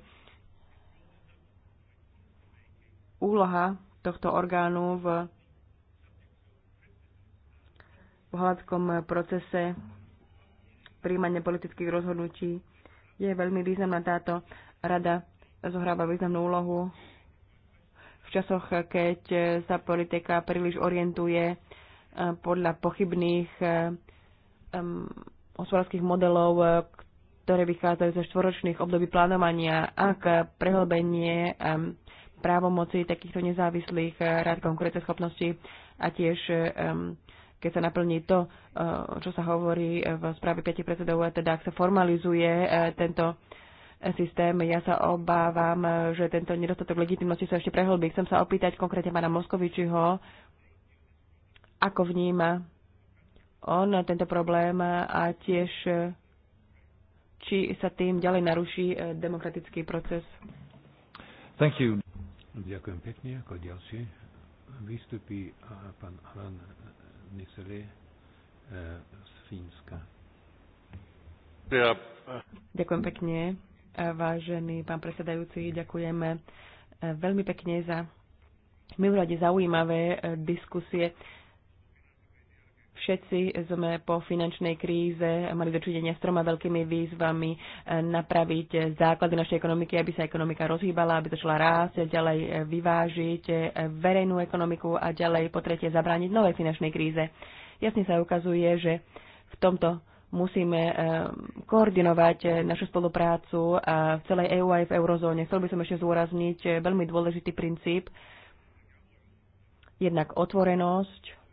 Úloha tohto orgánu v, v holandskom procese príjmania politických rozhodnutí je veľmi významná táto rada zohráva významnú úlohu v časoch, keď sa politika príliš orientuje e, podľa pochybných e, um, hospodárskych modelov, e, ktoré vychádzajú zo štvoročných období plánovania ak prehlbenie um, právomoci takýchto nezávislých e, rád konkurenceschopnosti a tiež um, keď sa naplní to, čo sa hovorí v správe 5 predsedov, teda ak sa formalizuje tento systém. Ja sa obávam, že tento nedostatok legitimnosti sa ešte prehlbí. Chcem sa opýtať konkrétne pána Moskovičiho, ako vníma on tento problém a tiež či sa tým ďalej naruší eh, demokratický proces. Thank you. Ďakujem pekne. Ako ďalšie vystupí pán Alan Nisely eh, z Fínska. Ďakujem pekne, eh, vážený pán predsedajúci. Ďakujeme veľmi pekne za mimoriadne zaujímavé diskusie. Všetci sme po finančnej kríze mali dočinenia s troma veľkými výzvami eh, napraviť základy našej ekonomiky, aby sa ekonomika rozhýbala, aby začala rásť, ďalej eh, vyvážiť eh, verejnú ekonomiku a ďalej po tretie zabrániť novej finančnej kríze. Jasne sa ukazuje, že v tomto musíme koordinovať našu spoluprácu v celej EU aj v eurozóne. Chcel by som ešte zúrazniť veľmi dôležitý princíp, jednak otvorenosť,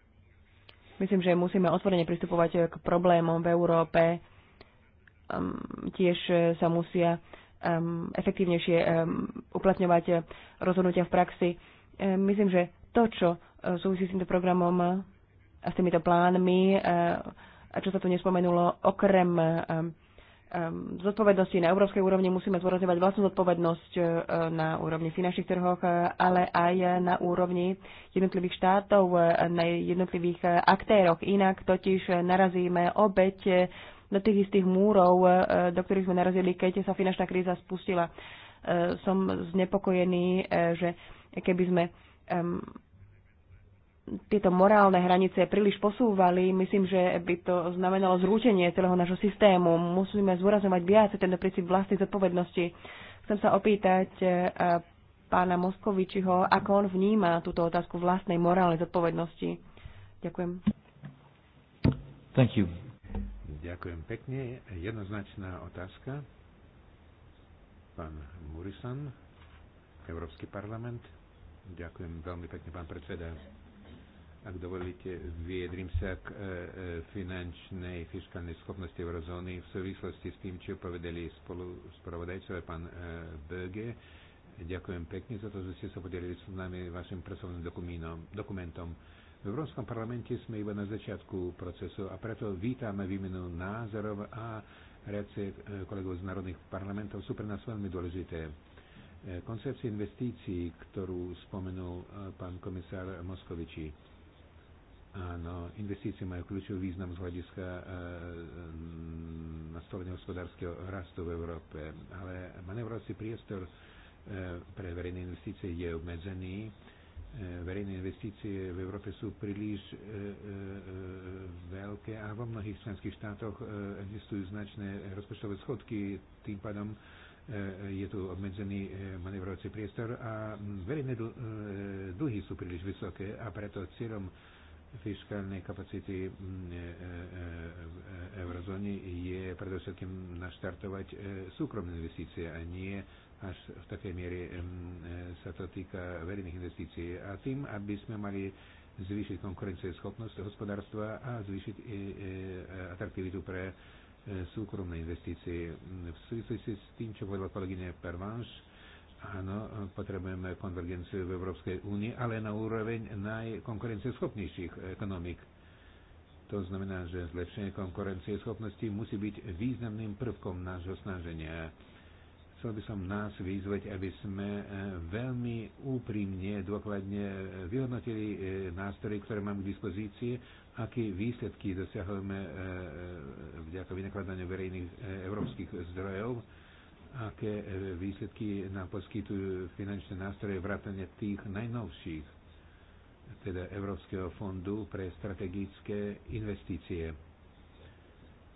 Myslím, že musíme otvorene pristupovať k problémom v Európe. Ehm, tiež e, sa musia ehm, efektívnejšie ehm, uplatňovať e, rozhodnutia v praxi. Myslím, že to, čo e, súvisí s týmto programom a s týmito plánmi, a čo sa tu nespomenulo, okrem Ehm, zodpovednosti na európskej úrovni musíme zdôrazňovať vlastnú zodpovednosť e, na úrovni finančných trhoch, e, ale aj na úrovni jednotlivých štátov, e, na jednotlivých aktéroch. Inak totiž narazíme obeď do tých istých múrov, do ktorých sme narazili, keď sa finančná kríza spustila. Som znepokojený, že keby sme ehm, tieto morálne hranice príliš posúvali, myslím, že by to znamenalo zrútenie celého nášho systému. Musíme zúrazňovať viac tento princíp vlastnej zodpovednosti. Chcem sa opýtať e, pána Moskovičiho, ako on vníma túto otázku vlastnej morálnej zodpovednosti. Ďakujem. Thank you. Ďakujem pekne. Jednoznačná otázka. Pán Murisan, Európsky parlament. Ďakujem veľmi pekne, pán predseda. Ak dovolíte, viedrim sa k e, e, finančnej fiskálnej schopnosti eurozóny v súvislosti s tým, čo povedali spolu spravodajcovia pán e, Böge. Ďakujem pekne za to, že ste sa podelili s nami vašim pracovným dokumentom. V Európskom parlamente sme iba na začiatku procesu a preto vítame výmenu názorov a reakcie e, kolegov z národných parlamentov sú pre nás veľmi dôležité. E, koncepcia investícií, ktorú spomenul e, pán komisár Moskoviči, Áno, investície majú kľúčový význam z hľadiska e, e, nastolenia hospodárskeho rastu v Európe, ale manevrovací priestor e, pre verejné investície je obmedzený. E, verejné investície v Európe sú príliš e, e, e veľké a vo mnohých členských štátoch e, existujú značné rozpočtové schodky, tým pádom e, e je tu obmedzený manevrovací priestor a verejné dlhy sú príliš vysoké a preto cieľom fiskálnej kapacity mm, e, e, e, eurozóny je predovšetkým naštartovať súkromné investície a nie až v takej miere sa to týka verejných investícií. A tým, aby sme mali zvýšiť konkurencieschopnosť hospodárstva a zvýšiť atraktivitu pre súkromné investície. Mm, v súvislosti s tým, čo povedala kolegyňa Pervanche, Áno, potrebujeme konvergenciu v Európskej únii, ale na úroveň najkonkurencieschopnejších ekonomik. To znamená, že zlepšenie konkurencieschopnosti musí byť významným prvkom nášho snaženia. Chcel by som nás vyzvať, aby sme eh, veľmi úprimne, dôkladne eh, vyhodnotili eh, nástroje, ktoré máme k dispozícii, aké výsledky dosiahujeme vďaka vynakladaniu verejných európskych zdrojov aké e, výsledky nám poskytujú finančné nástroje vrátane tých najnovších, teda Európskeho fondu pre strategické investície.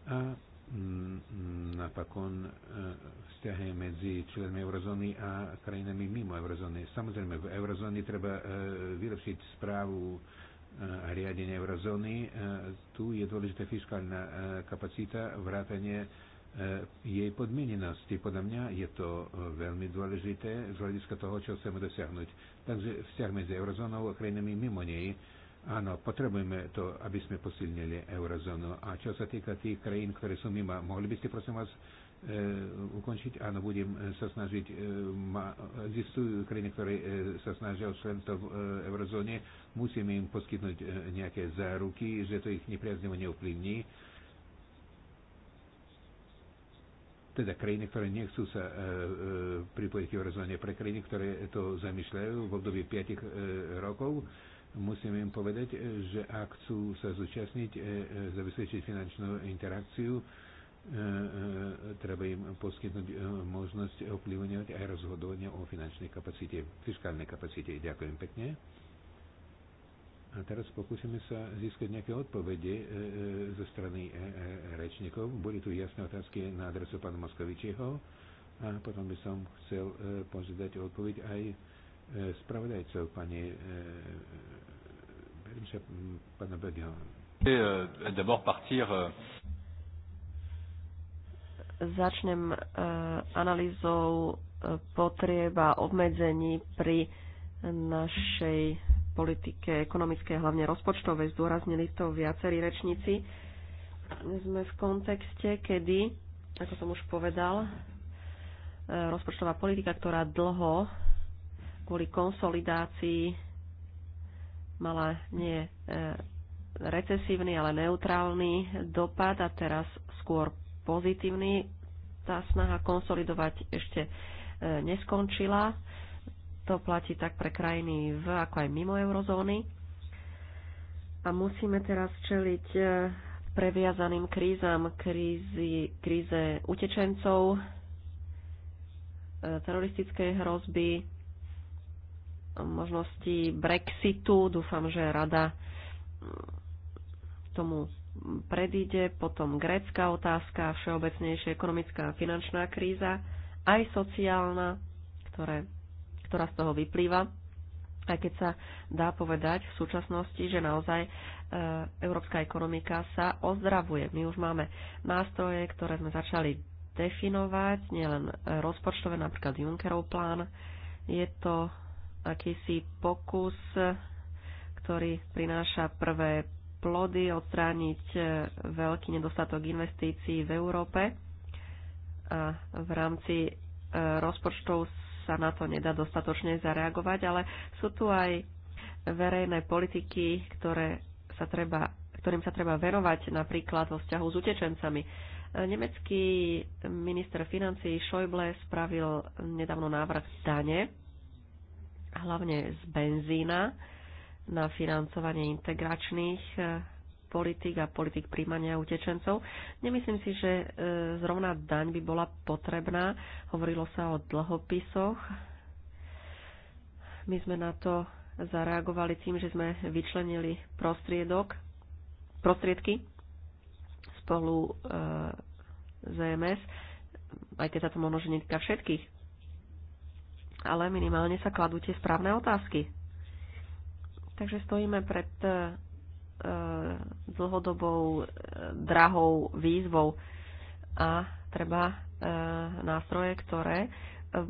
A mm, napokon e, vzťahy medzi členmi eurozóny a krajinami mimo eurozóny. Samozrejme, v eurozóne treba e, vylepšiť správu a riadenie eurozóny. Tu je dôležitá fiskálna kapacita, vrátanie E, jej podmienenosti. Podľa mňa je to e, veľmi dôležité z hľadiska toho, čo chceme dosiahnuť. Takže vzťah medzi eurozónou a krajinami mimo nej. Áno, potrebujeme to, aby sme posilnili eurozónu. A čo sa týka tých krajín, ktoré sú mimo, mohli by ste prosím vás e, ukončiť? Áno, budem e, sa snažiť. E, ma, existujú krajiny, ktoré e, sa snažia o členstvo v e, eurozóne. Musíme im poskytnúť e, nejaké záruky, že to ich nepriaznivo neuplyvní teda krajiny, ktoré nechcú sa e, e, pripojiť k eurozóne, pre krajiny, ktoré to zamýšľajú v období 5 e, rokov, musím im povedať, e, že ak chcú sa zúčastniť, e, e, zabezpečiť finančnú interakciu, e, e, treba im poskytnúť e, možnosť ovplyvňovať aj rozhodovanie o finančnej kapacite, fiskálnej kapacite. Ďakujem pekne. A teraz pokúsime sa získať nejaké odpovede e, e, zo strany e, e, rečníkov. Boli tu jasné otázky na adresu pána Moskovičieho a potom by som chcel e, požiadať odpoveď aj e, spravodajcov pani e, Berimša, pána Begeho. Euh, euh. začnem e, analýzou e, potrieb a obmedzení pri našej politike ekonomické, hlavne rozpočtovej. Zdôraznili to viacerí rečníci. Sme v kontexte, kedy, ako som už povedal, e, rozpočtová politika, ktorá dlho kvôli konsolidácii mala nie e, recesívny, ale neutrálny dopad a teraz skôr pozitívny. Tá snaha konsolidovať ešte e, neskončila to platí tak pre krajiny v, ako aj mimo eurozóny. A musíme teraz čeliť e, previazaným krízam, krízi, kríze utečencov, e, teroristickej hrozby, možnosti Brexitu. Dúfam, že rada tomu predíde. Potom grécka otázka, všeobecnejšia ekonomická a finančná kríza, aj sociálna, ktoré ktorá z toho vyplýva. Aj keď sa dá povedať v súčasnosti, že naozaj e, európska ekonomika sa ozdravuje. My už máme nástroje, ktoré sme začali definovať, nielen rozpočtové, napríklad Junckerov plán. Je to akýsi pokus, ktorý prináša prvé plody, odstrániť e, veľký nedostatok investícií v Európe. A v rámci e, rozpočtov sa na to nedá dostatočne zareagovať, ale sú tu aj verejné politiky, ktoré sa treba, ktorým sa treba venovať napríklad vo vzťahu s utečencami. Nemecký minister financí Schäuble spravil nedávno návrh dane, hlavne z benzína, na financovanie integračných politik a politik príjmania utečencov. Nemyslím si, že e, zrovna daň by bola potrebná. Hovorilo sa o dlhopisoch. My sme na to zareagovali tým, že sme vyčlenili prostriedok, prostriedky spolu e, ZMS, e aj keď sa to možno netýka všetkých. Ale minimálne sa kladú tie správne otázky. Takže stojíme pred e, E, dlhodobou, e, drahou výzvou a treba e, nástroje, ktoré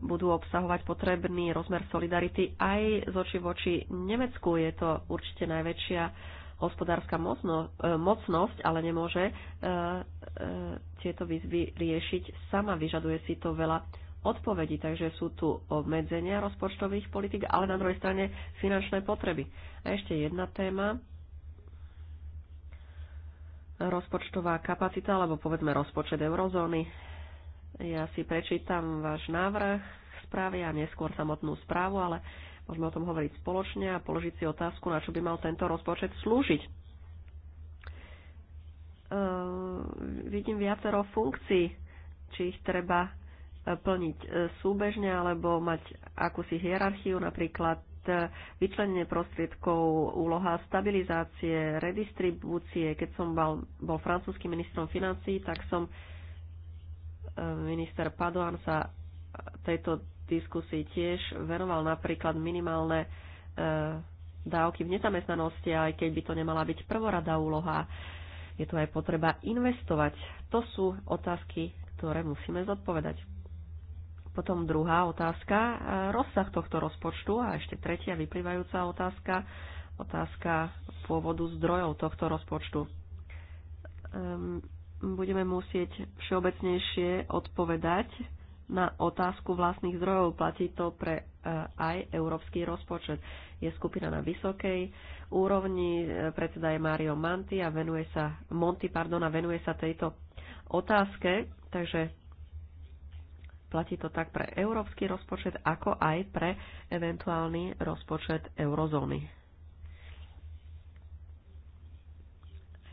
budú obsahovať potrebný rozmer solidarity aj z oči voči Nemecku. Je to určite najväčšia hospodárska mocno, mocnosť, ale nemôže tieto výzvy riešiť sama. Vyžaduje si to veľa odpovedí, takže sú tu obmedzenia rozpočtových politik, ale na druhej strane finančné potreby. A ešte jedna téma, rozpočtová kapacita, alebo povedzme rozpočet eurozóny. Ja si prečítam váš návrh správy a neskôr samotnú správu, ale môžeme o tom hovoriť spoločne a položiť si otázku, na čo by mal tento rozpočet slúžiť. Uh, vidím viacero funkcií, či ich treba e, plniť e, súbežne alebo mať akúsi hierarchiu, napríklad vyčlenenie prostriedkov, úloha stabilizácie, redistribúcie. Keď som bol, bol francúzským ministrom financí, tak som e, minister Padoan sa tejto diskusii tiež venoval napríklad minimálne e, dávky v nezamestnanosti, aj keď by to nemala byť prvorada úloha. Je tu aj potreba investovať. To sú otázky, ktoré musíme zodpovedať. Potom druhá otázka, e, rozsah tohto rozpočtu a ešte tretia vyplývajúca otázka, otázka pôvodu zdrojov tohto rozpočtu. Ehm, budeme musieť všeobecnejšie odpovedať na otázku vlastných zdrojov. Platí to pre e, aj európsky rozpočet. Je skupina na vysokej úrovni, e, predseda je Mario Manti a venuje sa, Monti pardon, a venuje sa tejto otázke, takže Platí to tak pre európsky rozpočet, ako aj pre eventuálny rozpočet eurozóny.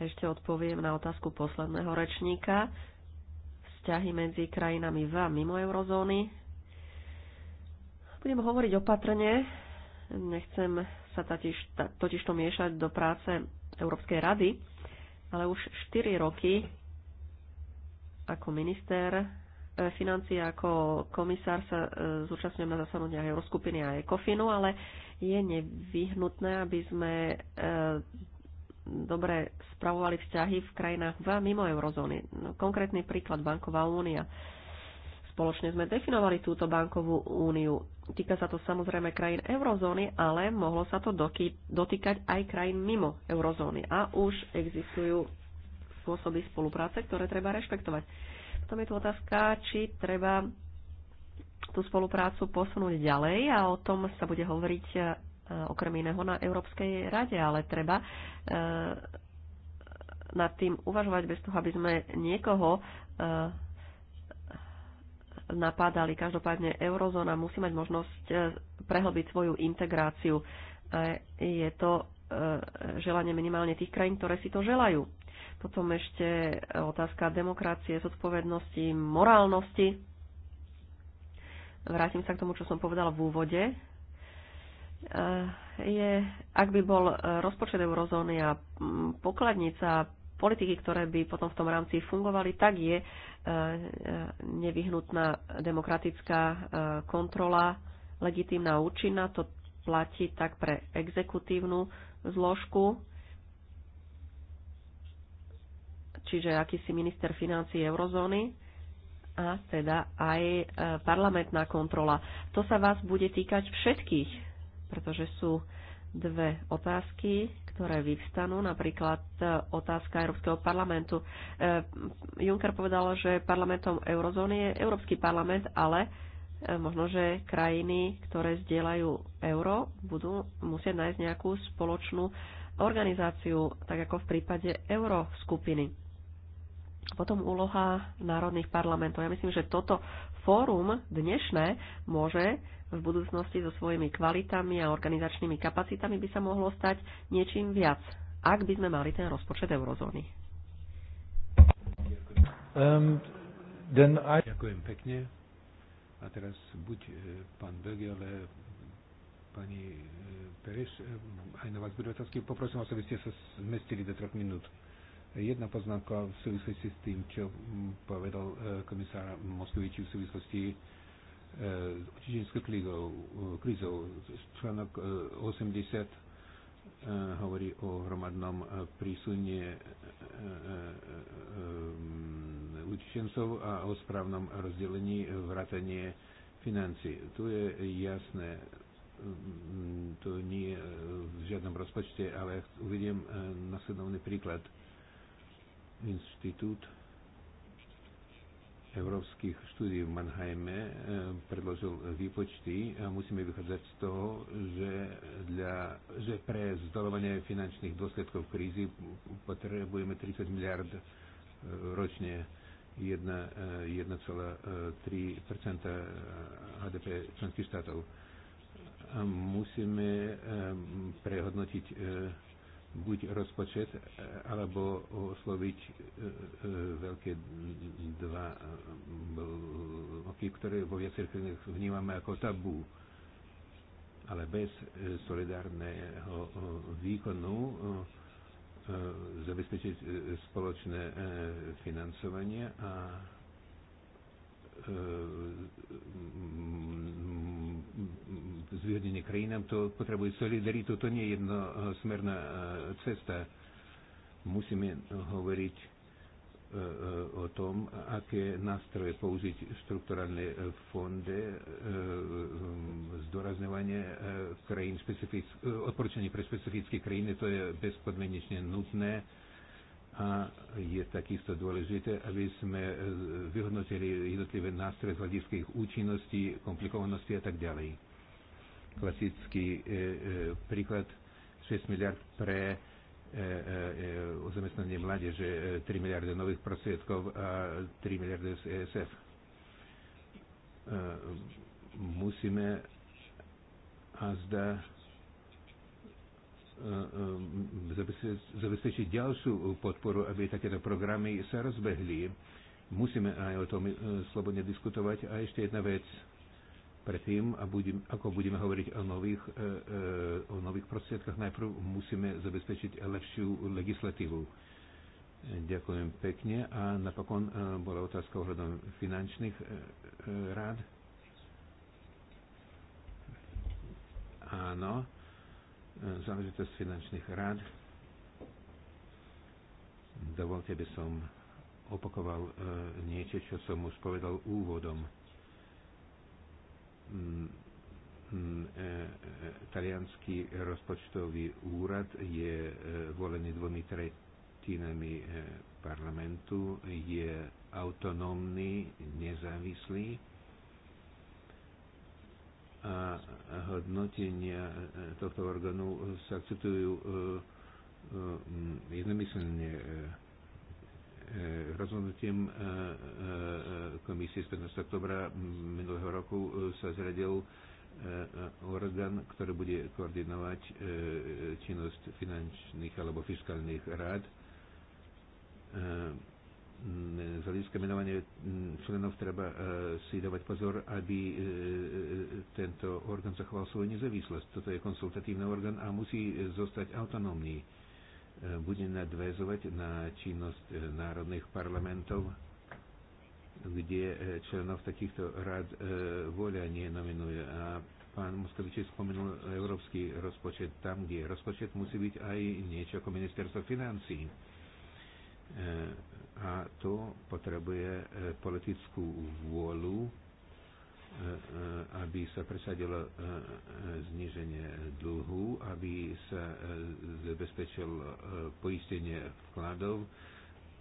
Ešte odpoviem na otázku posledného rečníka. Vzťahy medzi krajinami v a mimo eurozóny. Budem hovoriť opatrne. Nechcem sa totiž, totiž to miešať do práce Európskej rady, ale už 4 roky ako minister E, financie ako komisár sa e, zúčastňujem na zasadnutia Euroskupiny a Ekofinu, ale je nevyhnutné, aby sme e, dobre spravovali vzťahy v krajinách v mimo eurozóny. No, konkrétny príklad Banková únia. Spoločne sme definovali túto bankovú úniu. Týka sa to samozrejme krajín eurozóny, ale mohlo sa to doky, dotýkať aj krajín mimo eurozóny. A už existujú spôsoby spolupráce, ktoré treba rešpektovať potom je tu otázka, či treba tú spoluprácu posunúť ďalej a o tom sa bude hovoriť e, okrem iného na Európskej rade, ale treba e, nad tým uvažovať bez toho, aby sme niekoho e, napádali. Každopádne eurozóna musí mať možnosť prehlbiť svoju integráciu. Je to želanie minimálne tých krajín, ktoré si to želajú. Potom ešte otázka demokracie, zodpovednosti, morálnosti. Vrátim sa k tomu, čo som povedala v úvode. Eh, je, ak by bol rozpočet eurozóny a mm, pokladnica politiky, ktoré by potom v tom rámci fungovali, tak je eh, eh, nevyhnutná demokratická kontrola, legitímna účinná. To platí tak pre exekutívnu zložku, čiže akýsi minister financí eurozóny a teda aj e, parlamentná kontrola. To sa vás bude týkať všetkých, pretože sú dve otázky, ktoré vyvstanú, napríklad e, otázka Európskeho parlamentu. E, Juncker povedal, že parlamentom eurozóny je Európsky parlament, ale možno, že krajiny, ktoré zdieľajú euro, budú musieť nájsť nejakú spoločnú organizáciu, tak ako v prípade euroskupiny. Potom úloha národných parlamentov. Ja myslím, že toto fórum dnešné môže v budúcnosti so svojimi kvalitami a organizačnými kapacitami by sa mohlo stať niečím viac, ak by sme mali ten rozpočet eurozóny. Um, then I... Ďakujem pekne. A teraz buď e, pán Belgi, ale pani e, Pereš, e, aj na vás budú otázky. Poprosím vás, aby ste sa zmestili do troch minút. Jedna poznámka v súvislosti s tým, čo mm, povedal e, komisár Moskovič v súvislosti e, s čečenskou e, krízou. Článok 80 hovorí o hromadnom prísunie utečencov a o správnom rozdelení vrátanie financí. Tu je jasné, mm, to nie je v žiadnom rozpočte, ale uvidím nasledovný príklad – Inštitút európskych štúdí v Mannheime eh, predložil výpočty a musíme vychádzať z toho, že, dla, že pre zdolovanie finančných dôsledkov krízy potrebujeme 30 miliard eh, ročne 1,3 eh, HDP členských štátov. A musíme prehodnotiť buď rozpočet, e, alebo osloviť e, e, veľké dva oky, ktoré vo viacerých vnímame ako tabú. Ale bez solidárneho výkonu zabezpečiť spoločné financovanie a zvýhodnenie krajinám, to potrebuje solidaritu, to nie je jednosmerná e, cesta. Musíme hovoriť e, e, o tom, aké nástroje použiť štrukturálne fonde, zdorazňovanie krajín, odporúčanie pre špecifické krajiny, to je bezpodmenečne nutné a je takisto dôležité, aby sme vyhodnotili jednotlivé nástroje z hľadiska ich účinnosti, komplikovanosti a tak ďalej klasický e, e, príklad 6 miliard pre e, zamestnanie mládeže, 3 miliardy nových prostriedkov a 3 miliardy z ESF. Musíme a zda zabezpečiť ďalšiu podporu, aby takéto programy sa rozbehli. Musíme aj o tom slobodne diskutovať. A ešte jedna vec. Predtým, ako budeme hovoriť o nových, e, e, o nových prostriedkach, najprv musíme zabezpečiť lepšiu legislatívu. Ďakujem pekne. A napokon e, bola otázka ohľadom finančných rád. Áno, záležitosť finančných rád. Dovolte, by som opakoval niečo, čo som už povedal úvodom Mm, mm, mm, e, e, talianský rozpočtový úrad je e, volený dvomi tretinami parlamentu, je autonómny, nezávislý a hodnotenia tohto orgánu sa akceptujú jednomyselne Eh, rozhodnutím eh, eh, komisie z 15. oktobra minulého roku sa zradil orgán, ktorý bude koordinovať činnosť finančných alebo fiskálnych rád. Z hľadiska menovania členov treba si dávať pozor, aby tento orgán zachoval svoju nezávislosť. Toto je konsultatívny orgán a musí zostať autonómny E, bude nadväzovať na činnosť e, národných parlamentov, kde e, členov takýchto rád voľa nominuje. A pán Moskovič spomenul európsky rozpočet tam, kde rozpočet musí byť aj niečo ako ministerstvo financí. A to potrebuje politickú vôľu Eh, aby sa presadilo eh, eh, zniženie dlhu, aby sa zabezpečil poistenie vkladov,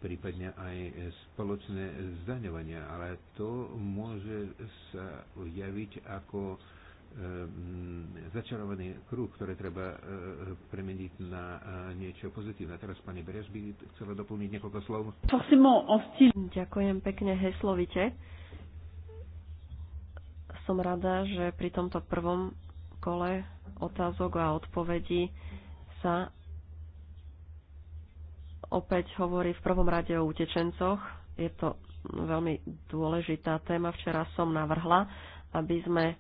prípadne aj spoločné zdaňovanie, ale to môže sa javiť ako začarovaný kruh, ktorý treba premeniť na niečo pozitívne. Teraz pani Bereš by chcela doplniť niekoľko slov. Ďakujem pekne heslovite som rada, že pri tomto prvom kole otázok a odpovedí sa opäť hovorí v prvom rade o utečencoch. Je to veľmi dôležitá téma. Včera som navrhla, aby sme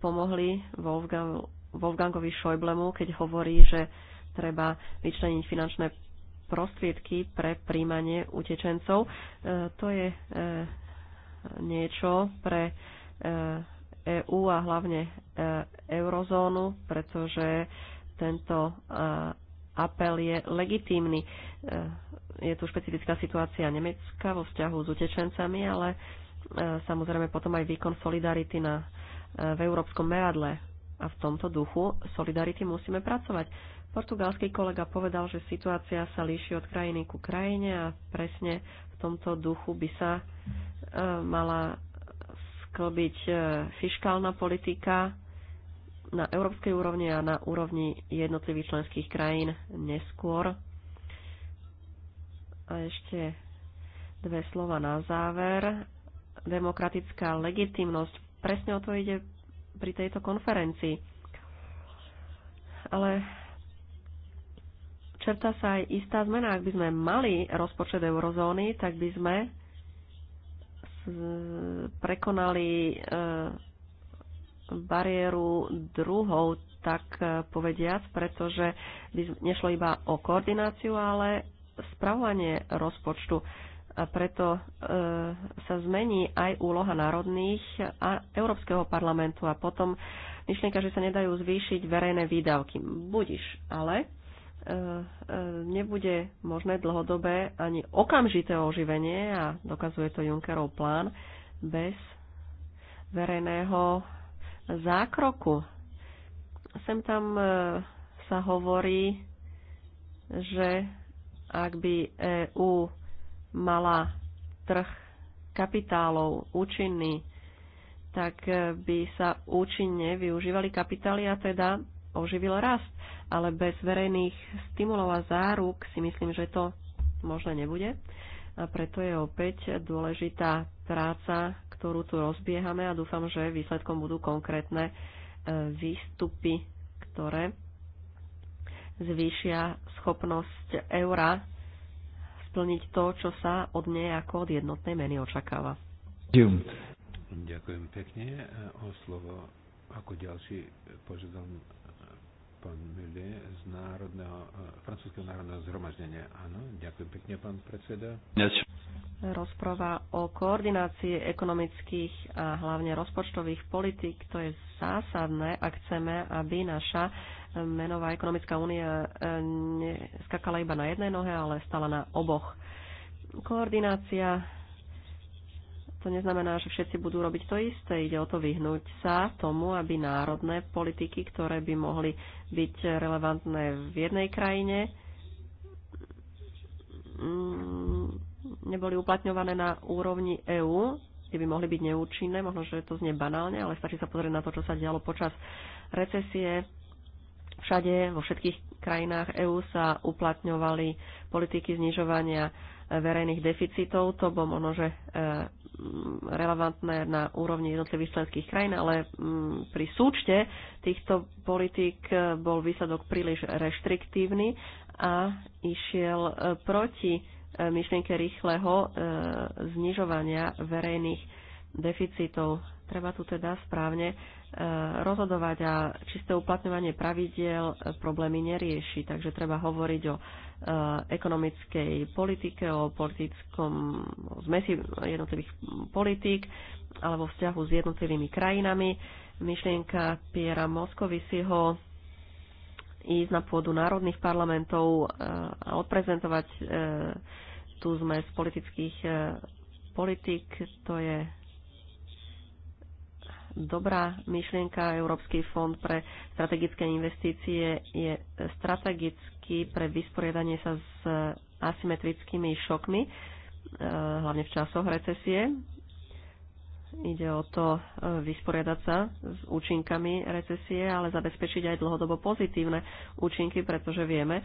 pomohli Wolfgang, Wolfgangovi Schäublemu, keď hovorí, že treba vyčleniť finančné prostriedky pre príjmanie utečencov. E, to je e, niečo pre EÚ eh, e a hlavne eh, eurozónu, pretože tento eh, apel je legitímny. Je tu špecifická situácia Nemecka vo vzťahu s utečencami, ale samozrejme potom aj výkon solidarity na, v európskom meradle. A v tomto duchu solidarity musíme pracovať Portugalský kolega povedal, že situácia sa líši od krajiny ku krajine a presne v tomto duchu by sa e, mala sklbiť e, fiškálna politika na európskej úrovni a na úrovni jednotlivých členských krajín neskôr. A ešte dve slova na záver. Demokratická legitimnosť. Presne o to ide pri tejto konferencii. Ale črta sa aj istá zmena. Ak by sme mali rozpočet eurozóny, tak by sme prekonali e, bariéru druhou, tak e, povediac, pretože by nešlo iba o koordináciu, ale spravovanie rozpočtu. A preto e, sa zmení aj úloha národných a Európskeho parlamentu a potom myšlienka, že sa nedajú zvýšiť verejné výdavky. Budiš, ale E, e, nebude možné dlhodobé ani okamžité oživenie a dokazuje to Junckerov plán bez verejného zákroku. Sem tam e, sa hovorí, že ak by EÚ mala trh kapitálov účinný, tak by sa účinne využívali kapitály a teda oživil rast. Ale bez verejných stimulov a záruk si myslím, že to možno nebude. A preto je opäť dôležitá práca, ktorú tu rozbiehame a dúfam, že výsledkom budú konkrétne e, výstupy, ktoré zvýšia schopnosť eura splniť to, čo sa od nej ako od jednotnej meny očakáva. Ďakujem pekne. E, o slovo ako ďalší požiadam pán z národného, e, francúzského národného zhromaždenia. Áno, ďakujem pekne, pán predseda. Rozprava o koordinácii ekonomických a hlavne rozpočtových politik. to je zásadné, ak chceme, aby naša menová ekonomická únia e, skakala iba na jednej nohe, ale stala na oboch. Koordinácia to neznamená, že všetci budú robiť to isté. Ide o to vyhnúť sa tomu, aby národné politiky, ktoré by mohli byť relevantné v jednej krajine, mm, neboli uplatňované na úrovni EÚ, kde by mohli byť neúčinné. Možno, že to znie banálne, ale stačí sa pozrieť na to, čo sa dialo počas recesie Všade, vo všetkých krajinách EÚ sa uplatňovali politiky znižovania e, verejných deficitov. To bolo možno, že e, relevantné na úrovni jednotlivých členských krajín, ale pri súčte týchto politík e, bol výsledok príliš reštriktívny a išiel proti myšlienke rýchleho znižovania verejných deficitov. Treba tu teda správne e, rozhodovať a čisté uplatňovanie pravidiel e, problémy nerieši. Takže treba hovoriť o e, ekonomickej politike, o politickom zmesi jednotlivých politík alebo vzťahu s jednotlivými krajinami. Myšlienka Piera Moskovisiho ísť na pôdu národných parlamentov a odprezentovať tú zmes politických politik, to je dobrá myšlienka. Európsky fond pre strategické investície je strategický pre vysporiadanie sa s asymetrickými šokmi, eh, hlavne v časoch recesie. Ide o to eh, vysporiadať sa s účinkami recesie, ale zabezpečiť aj dlhodobo pozitívne účinky, pretože vieme, eh,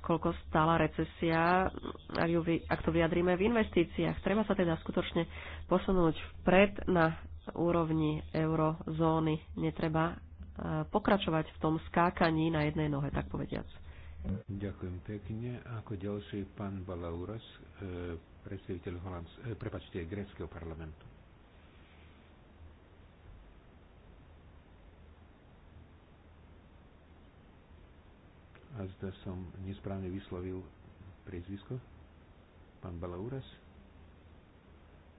koľko stála recesia, ak, ak to vyjadríme v investíciách. Treba sa teda skutočne posunúť vpred na úrovni eurozóny. Netreba e, pokračovať v tom skákaní na jednej nohe, tak povediac. Ďakujem pekne. Ako ďalší pán Balauras, e, predstaviteľ Holands, e, prepačte, gréckého parlamentu. A zda som nesprávne vyslovil priezvisko. Pán Balauras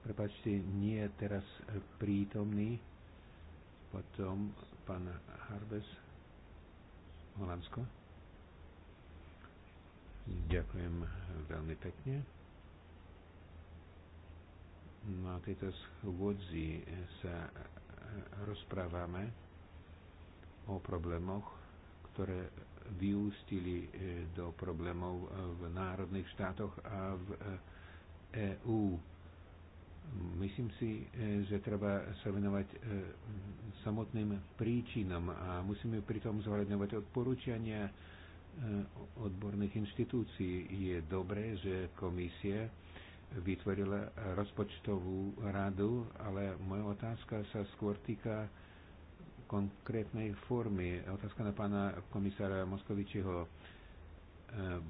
prepačte, nie je teraz e, prítomný. Potom pán Harbes, Holandsko. Ďakujem e, veľmi pekne. Na tejto schôdzi e, sa rozprávame o problémoch, ktoré vyústili do problémov v národných štátoch a v EÚ. Myslím si, e, že treba sa venovať e, samotným príčinám a musíme pritom zohľadňovať odporúčania e, odborných inštitúcií. Je dobré, že komisie vytvorila rozpočtovú radu, ale moja otázka sa skôr týka konkrétnej formy. Otázka na pána komisára Moskovičiho.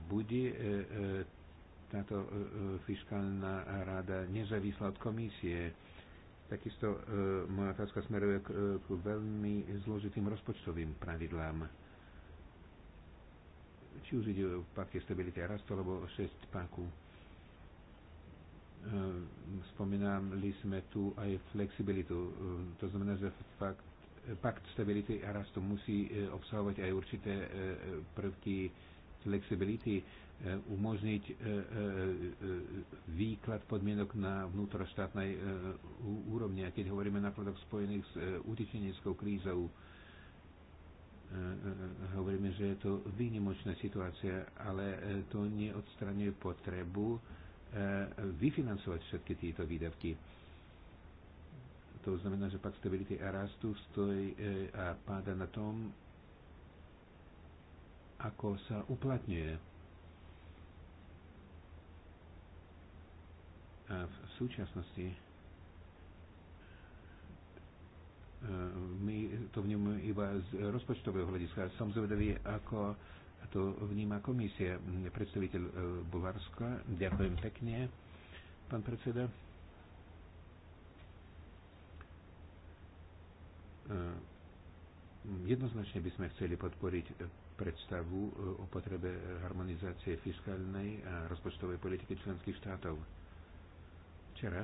Bude táto e, e, fiskálna rada nezávislá od komisie. Takisto e, moja otázka smeruje k, k veľmi zložitým rozpočtovým pravidlám. Či už ide o pakte stability a rastu, alebo 6 paku. Spomínali sme tu aj flexibilitu. To znamená, že fakt, pakt stability a rastu musí obsahovať aj určité prvky flexibility E, umožniť e, e, výklad podmienok na vnútroštátnej úrovni. A keď hovoríme napríklad spojených s utečeneckou krízou, hovoríme, že je to výnimočná situácia, ale to neodstraňuje potrebu vyfinancovať všetky tieto výdavky. To znamená, že pak stability a rastu stojí a páda na tom, ako sa uplatňuje v súčasnosti e, my to vnímame iba z rozpočtového hľadiska. Som zvedavý, ako to vníma komisia. Predstaviteľ e, Bulharska, ďakujem pekne, pán predseda. E, jednoznačne by sme chceli podporiť predstavu o potrebe harmonizácie fiskálnej a rozpočtovej politiky členských štátov Včera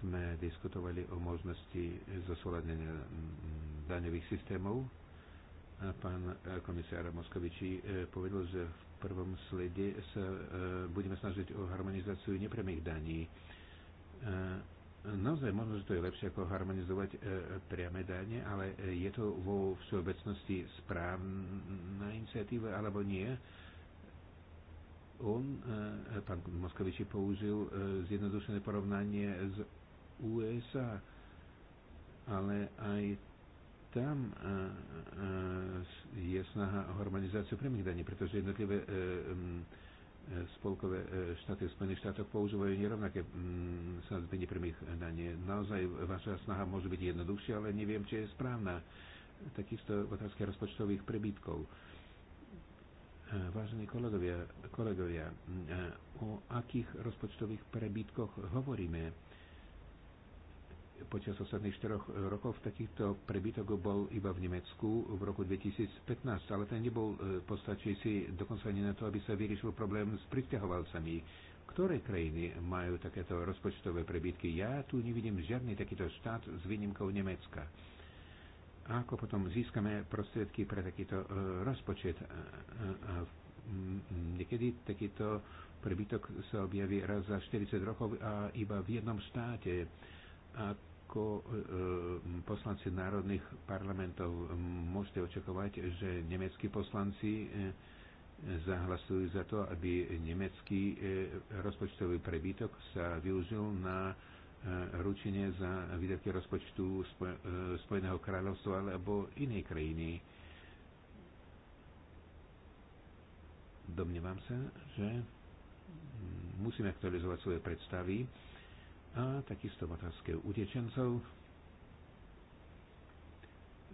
sme diskutovali o možnosti zosúladenia mm, mm, daňových systémov. pán e, komisár Moskovičí e, povedal, že v prvom slede sa e, budeme snažiť o harmonizáciu nepremých daní. Naozaj možno, že to je lepšie ako harmonizovať priame dáne, ale je to vo všeobecnosti správna iniciatíva alebo nie? On, e, e, pán Moskoviči, použil e, zjednodušené porovnanie z USA, ale aj tam je snaha o harmonizáciu priamých daní, pretože jednotlivé spolkové štáty v Spojených štátoch používajú nerovnaké sadzby nepriamých daní. Naozaj vaša snaha môže byť jednoduchšia, ale neviem, či je správna. Takisto v otázke rozpočtových prebytkov Eh, vážení kolegovia, kolegovia, eh, o akých rozpočtových prebytkoch hovoríme? Počas ostatných 4 rokov takýchto prebytok bol iba v Nemecku v roku 2015, ale ten nebol eh, postačujúci dokonca ani na to, aby sa vyriešil problém s pristahovalcami. Ktoré krajiny majú takéto rozpočtové prebytky? Ja tu nevidím žiadny takýto štát s výnimkou Nemecka ako potom získame prostriedky pre takýto e, rozpočet. E, e, niekedy takýto prebytok sa objaví raz za 40 rokov a iba v jednom štáte. Ako poslanci národných parlamentov môžete očakovať, že nemeckí poslanci zahlasujú za to, aby nemecký rozpočtový prebytok sa využil na E, ručenie za výdavky rozpočtu e, Spojeného kráľovstva alebo inej krajiny. Domnievam sa, že musíme aktualizovať svoje predstavy a takisto v otázke utečencov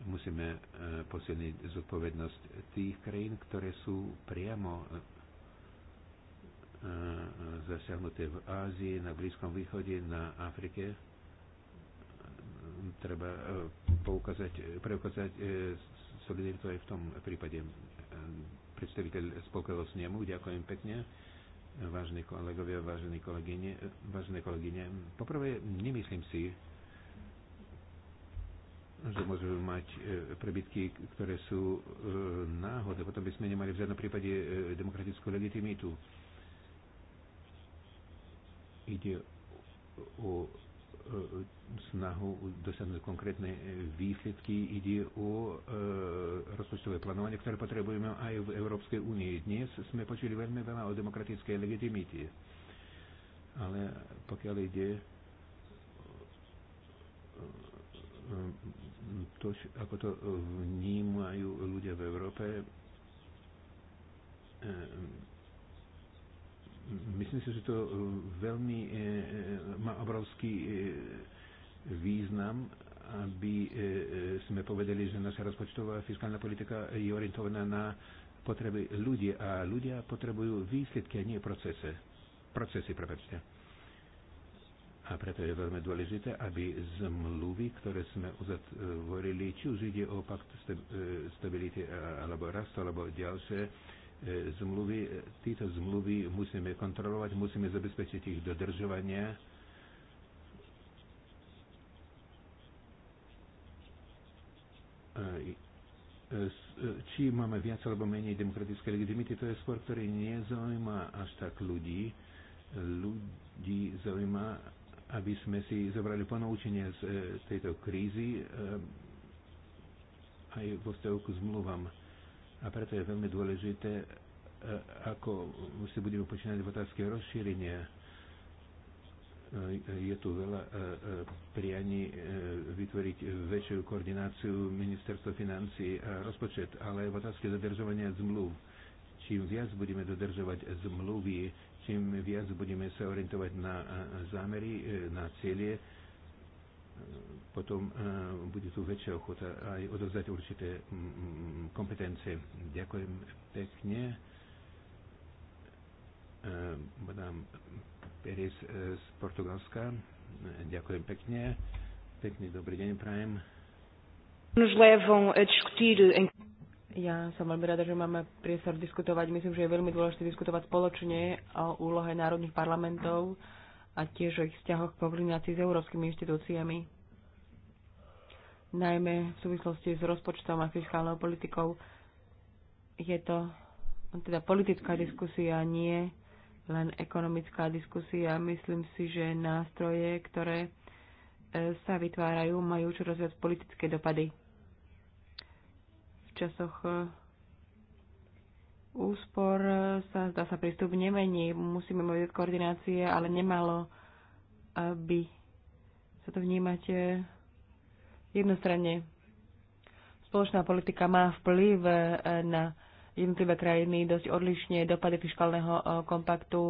musíme e, posilniť zodpovednosť tých krajín, ktoré sú priamo zasiahnuté v Ázii, na Blízkom východe, na Afrike. Treba e, poukázať, preukázať e, solidaritu aj v tom prípade. E, predstaviteľ spolkového snemu, ďakujem pekne. Vážení kolegovia, vážení kolegyne, vážené kolegyne, poprvé nemyslím si, že môžeme mať prebytky, ktoré sú náhodné. Potom by sme nemali v žiadnom prípade demokratickú legitimitu. Ide o snahu dosiahnuť konkrétne výsledky. Ide o e, rozpočtové plánovanie, ktoré potrebujeme aj v Európskej únii. Dnes sme počuli veľmi veľa o demokratickej legitimite. Ale pokiaľ ide to, ako to vnímajú ľudia v Európe, e, myslím si, že to e, veľmi e, e, má obrovský význam, aby sme povedali, že naša rozpočtová fiskálna politika je orientovaná na potreby ľudí a ľudia potrebujú výsledky a nie procese. Procesy, prepačte. A preto je veľmi dôležité, aby zmluvy, ktoré sme uzatvorili, či už ide o pakt stability alebo rastu, alebo ďalšie, zmluvy. tieto zmluvy musíme kontrolovať, musíme zabezpečiť ich dodržovanie. E, e, či máme viac alebo menej demokratické legitimity, to je skôr, ktorý nezaujíma až tak ľudí. Ľudí zaujíma, aby sme si zobrali ponaučenie z e, tejto krízy aj vo vzťahu k zmluvám a preto je veľmi dôležité, e, ako si budeme počínať v otázke rozšírenia. E, je tu veľa e, prianí vytvoriť väčšiu koordináciu ministerstva financí a rozpočet, ale v otázke zadržovania zmluv. Čím viac budeme dodržovať zmluvy, čím viac budeme sa orientovať na zámery, na cieľe, potom eh, bude tu väčšia ochota aj odovzdať určité mm, mm, mm, kompetencie. Ďakujem pekne. Eh, madame Pérez eh, z Portugalska. Ďakujem pekne. Pekný dobrý deň prajem. Ja som veľmi rada, že máme priestor diskutovať. Myslím, že je veľmi dôležité diskutovať spoločne o úlohe národných parlamentov. Uh, a tiež o ich vzťahoch koordinácii s európskymi inštitúciami. Najmä v súvislosti s rozpočtom a fiskálnou politikou je to teda politická diskusia, nie len ekonomická diskusia. Myslím si, že nástroje, ktoré e, sa vytvárajú, majú čo rozviac politické dopady. V časoch e, úspor sa zdá sa prístup nemení. Musíme mať koordinácie, ale nemalo by sa to vnímať eh, jednostranne. Spoločná politika má vplyv eh, na jednotlivé krajiny dosť odlišne. Dopady fiskálneho eh, kompaktu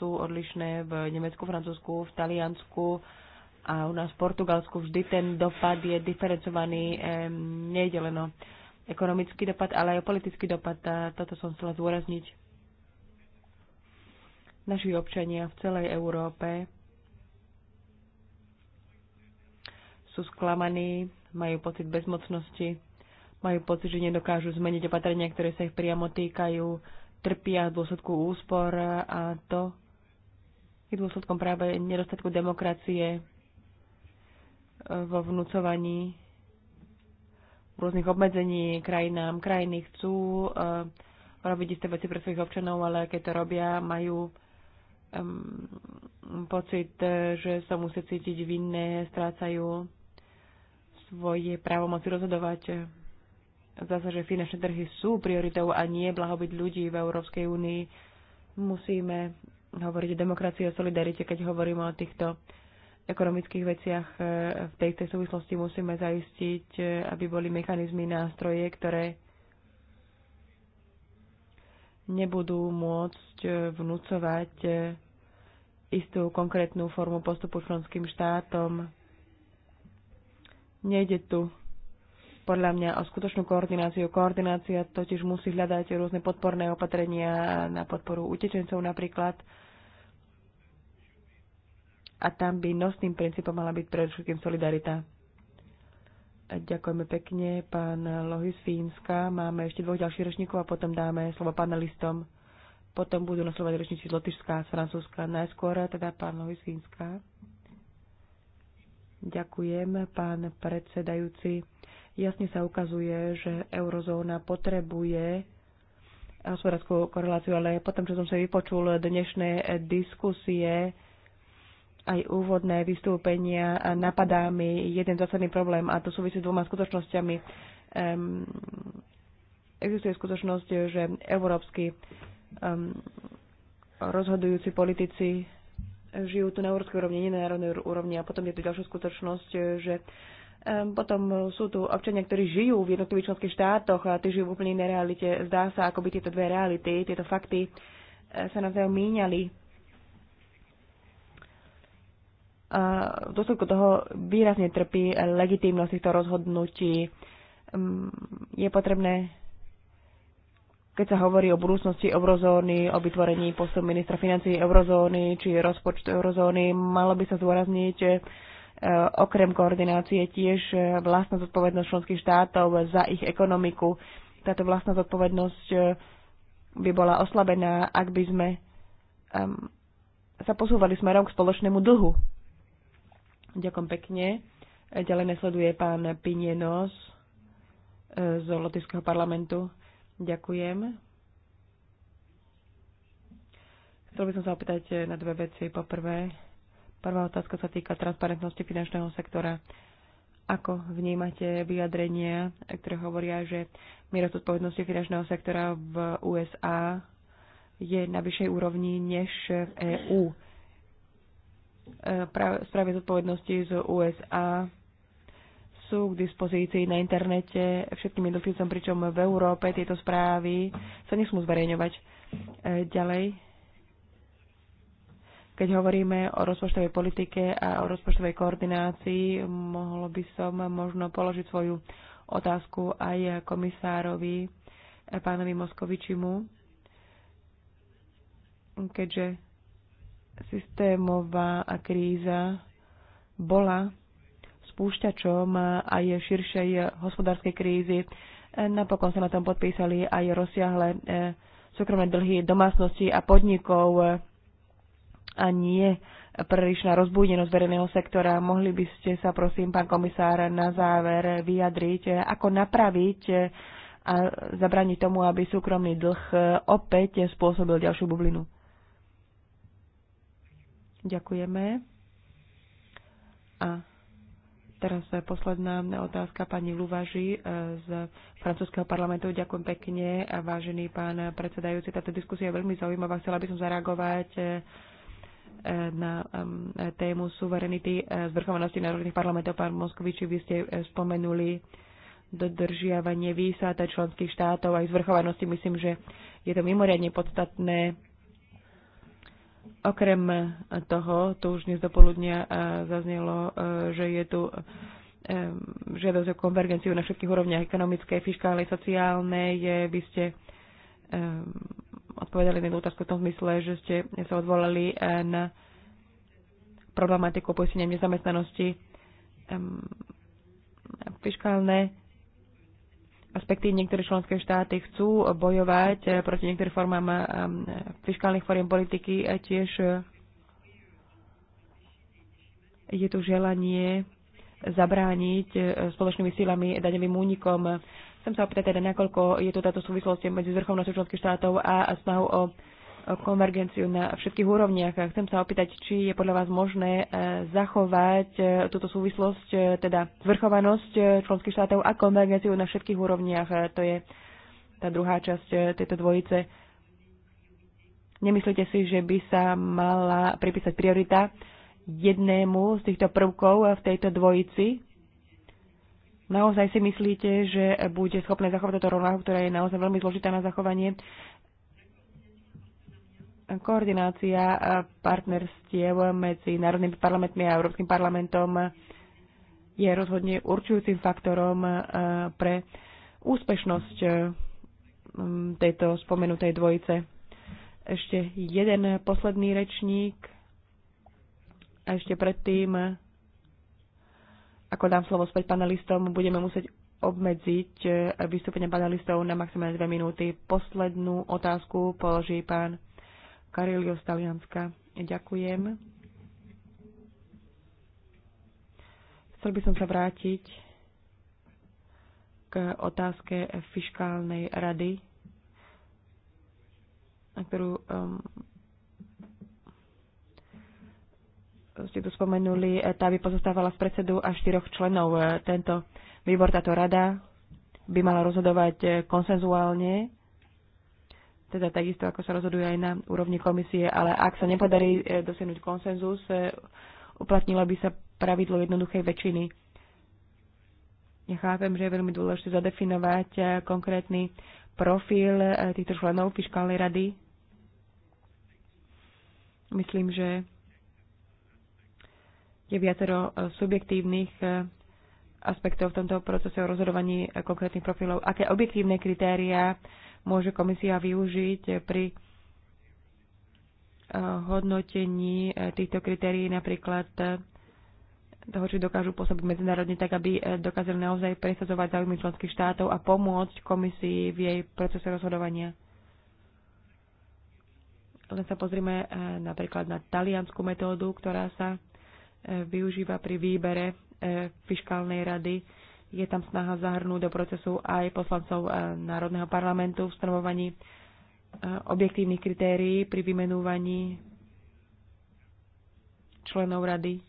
sú odlišné v Nemecku, Francúzsku, v Taliansku a u nás v Portugalsku vždy ten dopad je diferencovaný nejdeleno ekonomický dopad, ale aj o politický dopad a toto som chcela zdôrazniť. Naši občania v celej Európe sú sklamaní, majú pocit bezmocnosti, majú pocit, že nedokážu zmeniť opatrenia, ktoré sa ich priamo týkajú, trpia v dôsledku úspor a to je dôsledkom práve nedostatku demokracie vo vnúcovaní rôznych obmedzení krajinám. Krajiny chcú eh, robiť isté veci pre svojich občanov, ale keď to robia, majú um, pocit, že sa musia cítiť vinné, strácajú svoje právomoci rozhodovať. Zase, že finančné trhy sú prioritou a nie blahobyt ľudí v Európskej únii. Musíme hovoriť o demokracii a solidarite, keď hovoríme o týchto ekonomických veciach e, v tejto súvislosti musíme zaistiť, e, aby boli mechanizmy, nástroje, ktoré nebudú môcť e, vnúcovať istú konkrétnu formu postupu členským štátom. Nejde tu podľa mňa o skutočnú koordináciu. Koordinácia totiž musí hľadať rôzne podporné opatrenia na podporu utečencov napríklad, a tam by nosným princípom mala byť predovšetkým solidarita. Ďakujeme pekne, pán Lohis Fínska. Máme ešte dvoch ďalších rečníkov a potom dáme slovo panelistom. Potom budú nasledovať rečníci z Lotyšská a z Francúzska. Najskôr teda pán Lohis Fínska. Ďakujem, pán predsedajúci. Jasne sa ukazuje, že eurozóna potrebuje hospodárskú koreláciu, ale potom, čo som sa vypočul dnešné diskusie, aj úvodné vystúpenia napadá mi jeden zásadný problém a to súvisí s dvoma skutočnosťami. Um, existuje skutočnosť, že európsky um, rozhodujúci politici žijú tu na európskej úrovni, nie na národnej úrovni a potom je tu ďalšia skutočnosť, že um, potom sú tu občania, ktorí žijú v jednotlivých členských štátoch a tí žijú v úplne inej realite. Zdá sa, ako by tieto dve reality, tieto fakty eh, sa navzájom míňali v dôsledku toho výrazne trpí legitímnosť týchto rozhodnutí. Mm, je potrebné, keď sa hovorí o budúcnosti eurozóny, o vytvorení postu ministra financí eurozóny či rozpočtu eurozóny, malo by sa zdôrazniť e, okrem koordinácie tiež vlastná zodpovednosť členských štátov za ich ekonomiku. Táto vlastná zodpovednosť e, by bola oslabená, ak by sme sa posúvali smerom k spoločnému dlhu Ďakujem pekne. Ďalej nesleduje pán Pinienos e, z Lotyšského parlamentu. Ďakujem. Chcel by som sa opýtať e, na dve veci. Poprvé, prvá otázka sa týka transparentnosti finančného sektora. Ako vnímate vyjadrenia, ktoré hovoria, že miera zodpovednosti finančného sektora v USA je na vyššej úrovni než v EÚ? Eh, správy zodpovednosti z USA sú k dispozícii na internete všetkým jednotlivcom, pričom v Európe tieto správy sa nesmú zverejňovať. Eh, ďalej, keď hovoríme o rozpočtovej politike a o rozpočtovej koordinácii, mohlo by som možno položiť svoju otázku aj komisárovi, eh, pánovi Moskovičimu, keďže systémová kríza bola spúšťačom aj širšej hospodárskej krízy. Napokon sa na tom podpísali aj rozsiahle eh, súkromné dlhy domácností a podnikov a nie prílišná rozbúdenosť verejného sektora. Mohli by ste sa, prosím, pán komisár, na záver vyjadriť, ako napraviť a zabraniť tomu, aby súkromný dlh opäť spôsobil ďalšiu bublinu. Ďakujeme. A teraz posledná otázka pani Luvaži eh, z francúzského parlamentu. Ďakujem pekne, a vážený pán predsedajúci. Táto diskusia je veľmi zaujímavá. Chcela by som zareagovať eh, na eh, tému suverenity zvrchovanosti národných parlamentov. Pán Moskoviči, vy ste spomenuli dodržiavanie výsad členských štátov aj zvrchovanosti. Myslím, že je to mimoriadne podstatné Okrem toho, tu už dnes do poludnia e, zaznelo, e, že je tu e, žiadosť o konvergenciu na všetkých úrovniach ekonomické, fiskálnej, sociálnej. Vy ste odpovedali na otázku v tom zmysle, že ste sa odvolali na problematiku poistenia nezamestnanosti. Fiskálne respektíve Niektoré členské štáty chcú bojovať eh, proti niektorým formám eh, fiskálnych foriem politiky a eh, tiež je tu želanie zabrániť spoločnými sílami daňovým únikom. Chcem sa opýtať teda, nakoľko je tu táto súvislosť medzi zvrchovnosťou členských štátov a snahou o konvergenciu na všetkých úrovniach. Chcem sa opýtať, či je podľa vás možné e, zachovať e, túto súvislosť, e, teda zvrchovanosť členských štátov a konvergenciu na všetkých úrovniach. To je tá druhá časť tejto dvojice. Nemyslíte si, že by sa mala pripísať priorita jednému z týchto prvkov v tejto dvojici? Naozaj si myslíte, že bude schopné zachovať toto rovnahu, ktorá je naozaj veľmi zložitá na zachovanie? koordinácia eh, partnerstiev medzi národnými parlamentmi a Európskym parlamentom je rozhodne určujúcim faktorom eh, pre úspešnosť eh, tejto spomenutej dvojice. Ešte jeden posledný rečník a ešte predtým, ako dám slovo späť panelistom, budeme musieť obmedziť vystúpenie panelistov na maximálne dve minúty. Poslednú otázku položí pán Karelio z Talianska. Ďakujem. Chcel by som sa vrátiť k otázke fiskálnej rady, na ktorú um, ste tu spomenuli, eh, tá by pozostávala z predsedu a štyroch členov. Eh, tento výbor, táto rada by mala rozhodovať eh, konsenzuálne teda takisto ako sa rozhoduje aj na úrovni komisie, ale ak sa nepodarí e, dosiahnuť konsenzus, e, uplatnilo by sa pravidlo jednoduchej väčšiny. Ja chápem, že je veľmi dôležité zadefinovať e, konkrétny profil týchto členov fiskálnej rady. Myslím, že je viacero subjektívnych aspektov v tomto procese o rozhodovaní konkrétnych profilov. Aké objektívne kritériá môže komisia využiť pri eh, hodnotení eh, týchto kritérií napríklad eh, toho, či dokážu pôsobiť medzinárodne tak, aby dokázali naozaj presadzovať záujmy členských štátov a pomôcť komisii v jej procese rozhodovania. Len sa pozrime napríklad na taliansku metódu, ktorá sa využíva pri výbere fiskálnej rady. Je tam snaha zahrnúť do procesu aj poslancov eh, Národného parlamentu v stanovovaní eh, objektívnych kritérií pri vymenúvaní členov rady.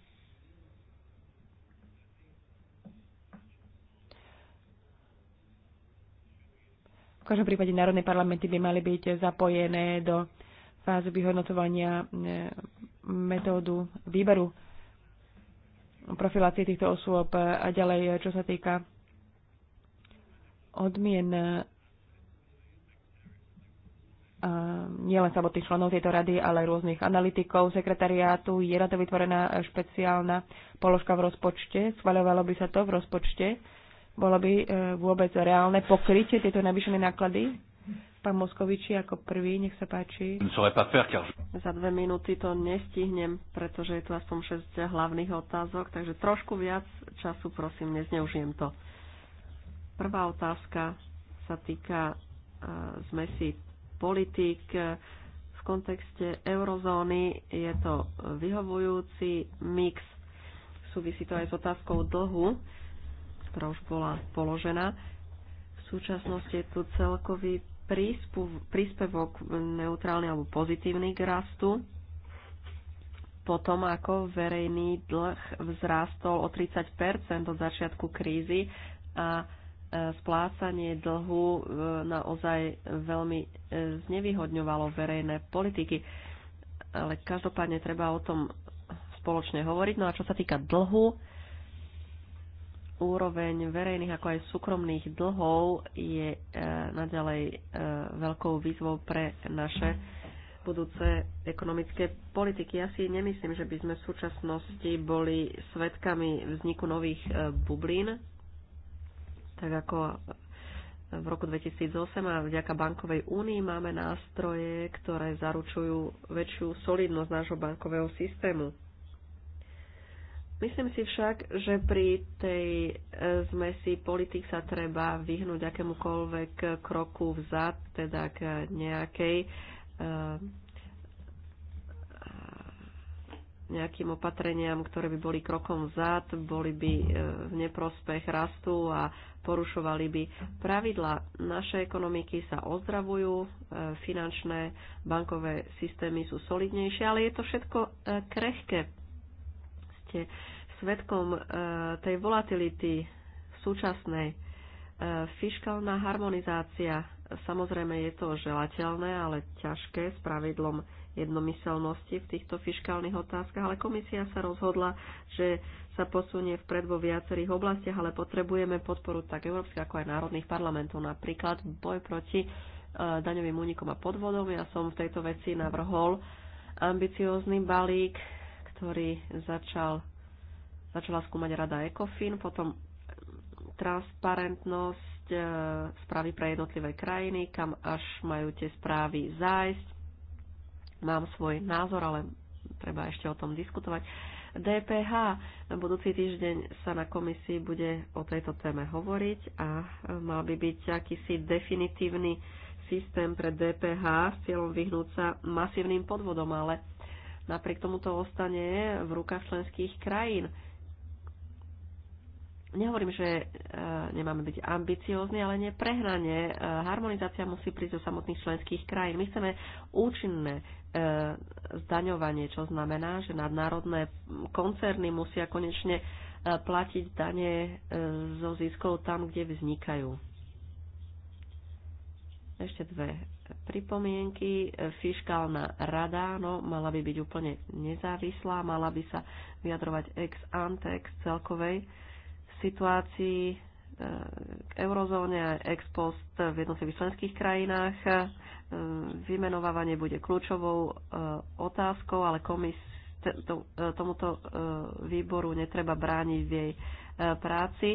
V každom prípade národné parlamenty by mali byť zapojené do fázy vyhodnotovania eh, metódu výberu profilácii týchto osôb a ďalej, čo sa týka odmien nielen samotných členov tejto rady, ale aj rôznych analytikov, sekretariátu. Je na to vytvorená špeciálna položka v rozpočte. Schvaľovalo by sa to v rozpočte. Bolo by e, vôbec reálne pokrytie tieto navýšené náklady? Pán Moskoviči, ako prvý, nech sa páči. Za dve minúty to nestihnem, pretože je tu aspoň 6 hlavných otázok, takže trošku viac času, prosím, nezneužijem to. Prvá otázka sa týka zmesi e, politík. E, v kontexte eurozóny je to vyhovujúci mix. Súvisí to aj s otázkou dlhu, ktorá už bola položená. V súčasnosti je tu celkový príspevok neutrálny alebo pozitívny k rastu potom ako verejný dlh vzrástol o 30 od začiatku krízy a e, splácanie dlhu e, naozaj veľmi e, znevýhodňovalo verejné politiky. Ale každopádne treba o tom spoločne hovoriť. No a čo sa týka dlhu, úroveň verejných ako aj súkromných dlhov je e, naďalej e, veľkou výzvou pre naše budúce ekonomické politiky. Ja si nemyslím, že by sme v súčasnosti boli svetkami vzniku nových e, bublín, tak ako v roku 2008 a vďaka bankovej únii máme nástroje, ktoré zaručujú väčšiu solidnosť nášho bankového systému. Myslím si však, že pri tej zmesi e, politik sa treba vyhnúť akémukoľvek kroku vzad, teda k nejakej e, e, nejakým opatreniam, ktoré by boli krokom vzad, boli by v neprospech rastu a porušovali by pravidla. Naše ekonomiky sa ozdravujú, finančné, bankové systémy sú solidnejšie, ale je to všetko krehké ste svetkom e, tej volatility súčasnej. E, Fiškálna harmonizácia, samozrejme je to želateľné, ale ťažké s pravidlom jednomyselnosti v týchto fiškálnych otázkach, ale komisia sa rozhodla, že sa posunie vpred vo viacerých oblastiach, ale potrebujeme podporu tak európskych ako aj národných parlamentov, napríklad boj proti e, daňovým únikom a podvodom. Ja som v tejto veci navrhol ambiciózny balík ktorý začal, začala skúmať rada ECOFIN, potom transparentnosť e, správy pre jednotlivé krajiny, kam až majú tie správy zájsť. Mám svoj názor, ale treba ešte o tom diskutovať. DPH. Na budúci týždeň sa na komisii bude o tejto téme hovoriť a mal by byť akýsi definitívny systém pre DPH s cieľom vyhnúť sa masívnym podvodom, ale napriek tomu to ostane v rukách členských krajín. Nehovorím, že e, nemáme byť ambiciózni, ale neprehnane. E, harmonizácia musí prísť do samotných členských krajín. My chceme účinné e, zdaňovanie, čo znamená, že nadnárodné koncerny musia konečne platiť dane zo ziskov tam, kde vznikajú. Ešte dve pripomienky. Fiškálna rada no, mala by byť úplne nezávislá, mala by sa vyjadrovať ex ante, ex celkovej situácii e, k eurozóne, ex post v jednotlivých členských krajinách. E, vymenovávanie bude kľúčovou e, otázkou, ale komis, tomuto výboru netreba brániť v jej práci,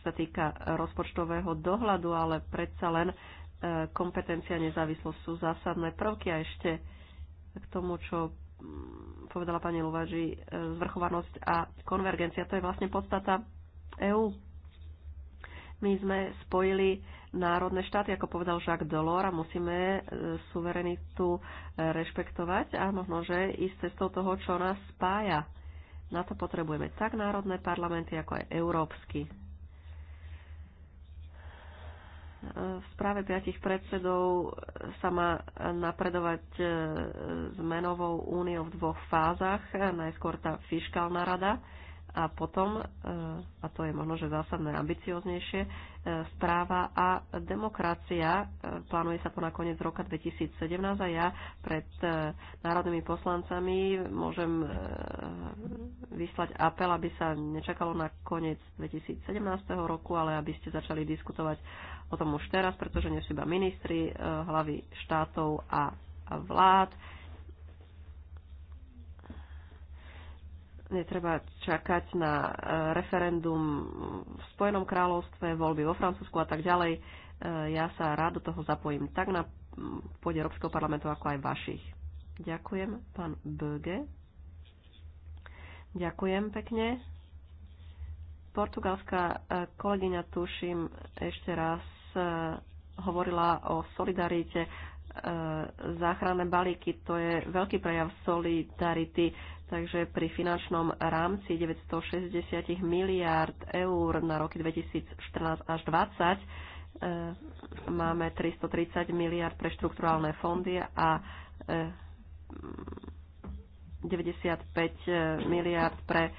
čo sa týka rozpočtového dohľadu, ale predsa len kompetencia a nezávislosť sú zásadné prvky a ešte k tomu, čo mm, povedala pani Luvaži, e, zvrchovanosť a konvergencia, to je vlastne podstata EÚ. My sme spojili národné štáty, ako povedal Jacques Delors, a musíme e, suverenitu e, rešpektovať a možno, že ísť cestou toho, čo nás spája. Na to potrebujeme tak národné parlamenty, ako aj európsky. V správe piatich predsedov sa má napredovať e, s menovou úniou v dvoch fázach. Najskôr tá fiskálna rada, a potom, e, a to je možno, že zásadné ambicioznejšie, e, správa a demokracia. E, plánuje sa to na koniec roka 2017 a ja pred národnými poslancami môžem vyslať apel, aby sa nečakalo na koniec 2017 roku, ale aby ste začali diskutovať o tom už teraz, pretože nie sú iba ministri, hlavy štátov a vlád netreba čakať na e, referendum v Spojenom kráľovstve, voľby vo Francúzsku a tak ďalej. E, ja sa rád do toho zapojím tak na pôde Európskeho parlamentu, ako aj vašich. Ďakujem, pán Böge. Ďakujem pekne. Portugalská e, kolegyňa, tuším, ešte raz hovorila o solidarite záchranné balíky, to je veľký prejav solidarity Takže pri finančnom rámci 960 miliárd eur na roky 2014 až 2020 e, máme 330 miliard pre štrukturálne fondy a 95 e, e, miliard pre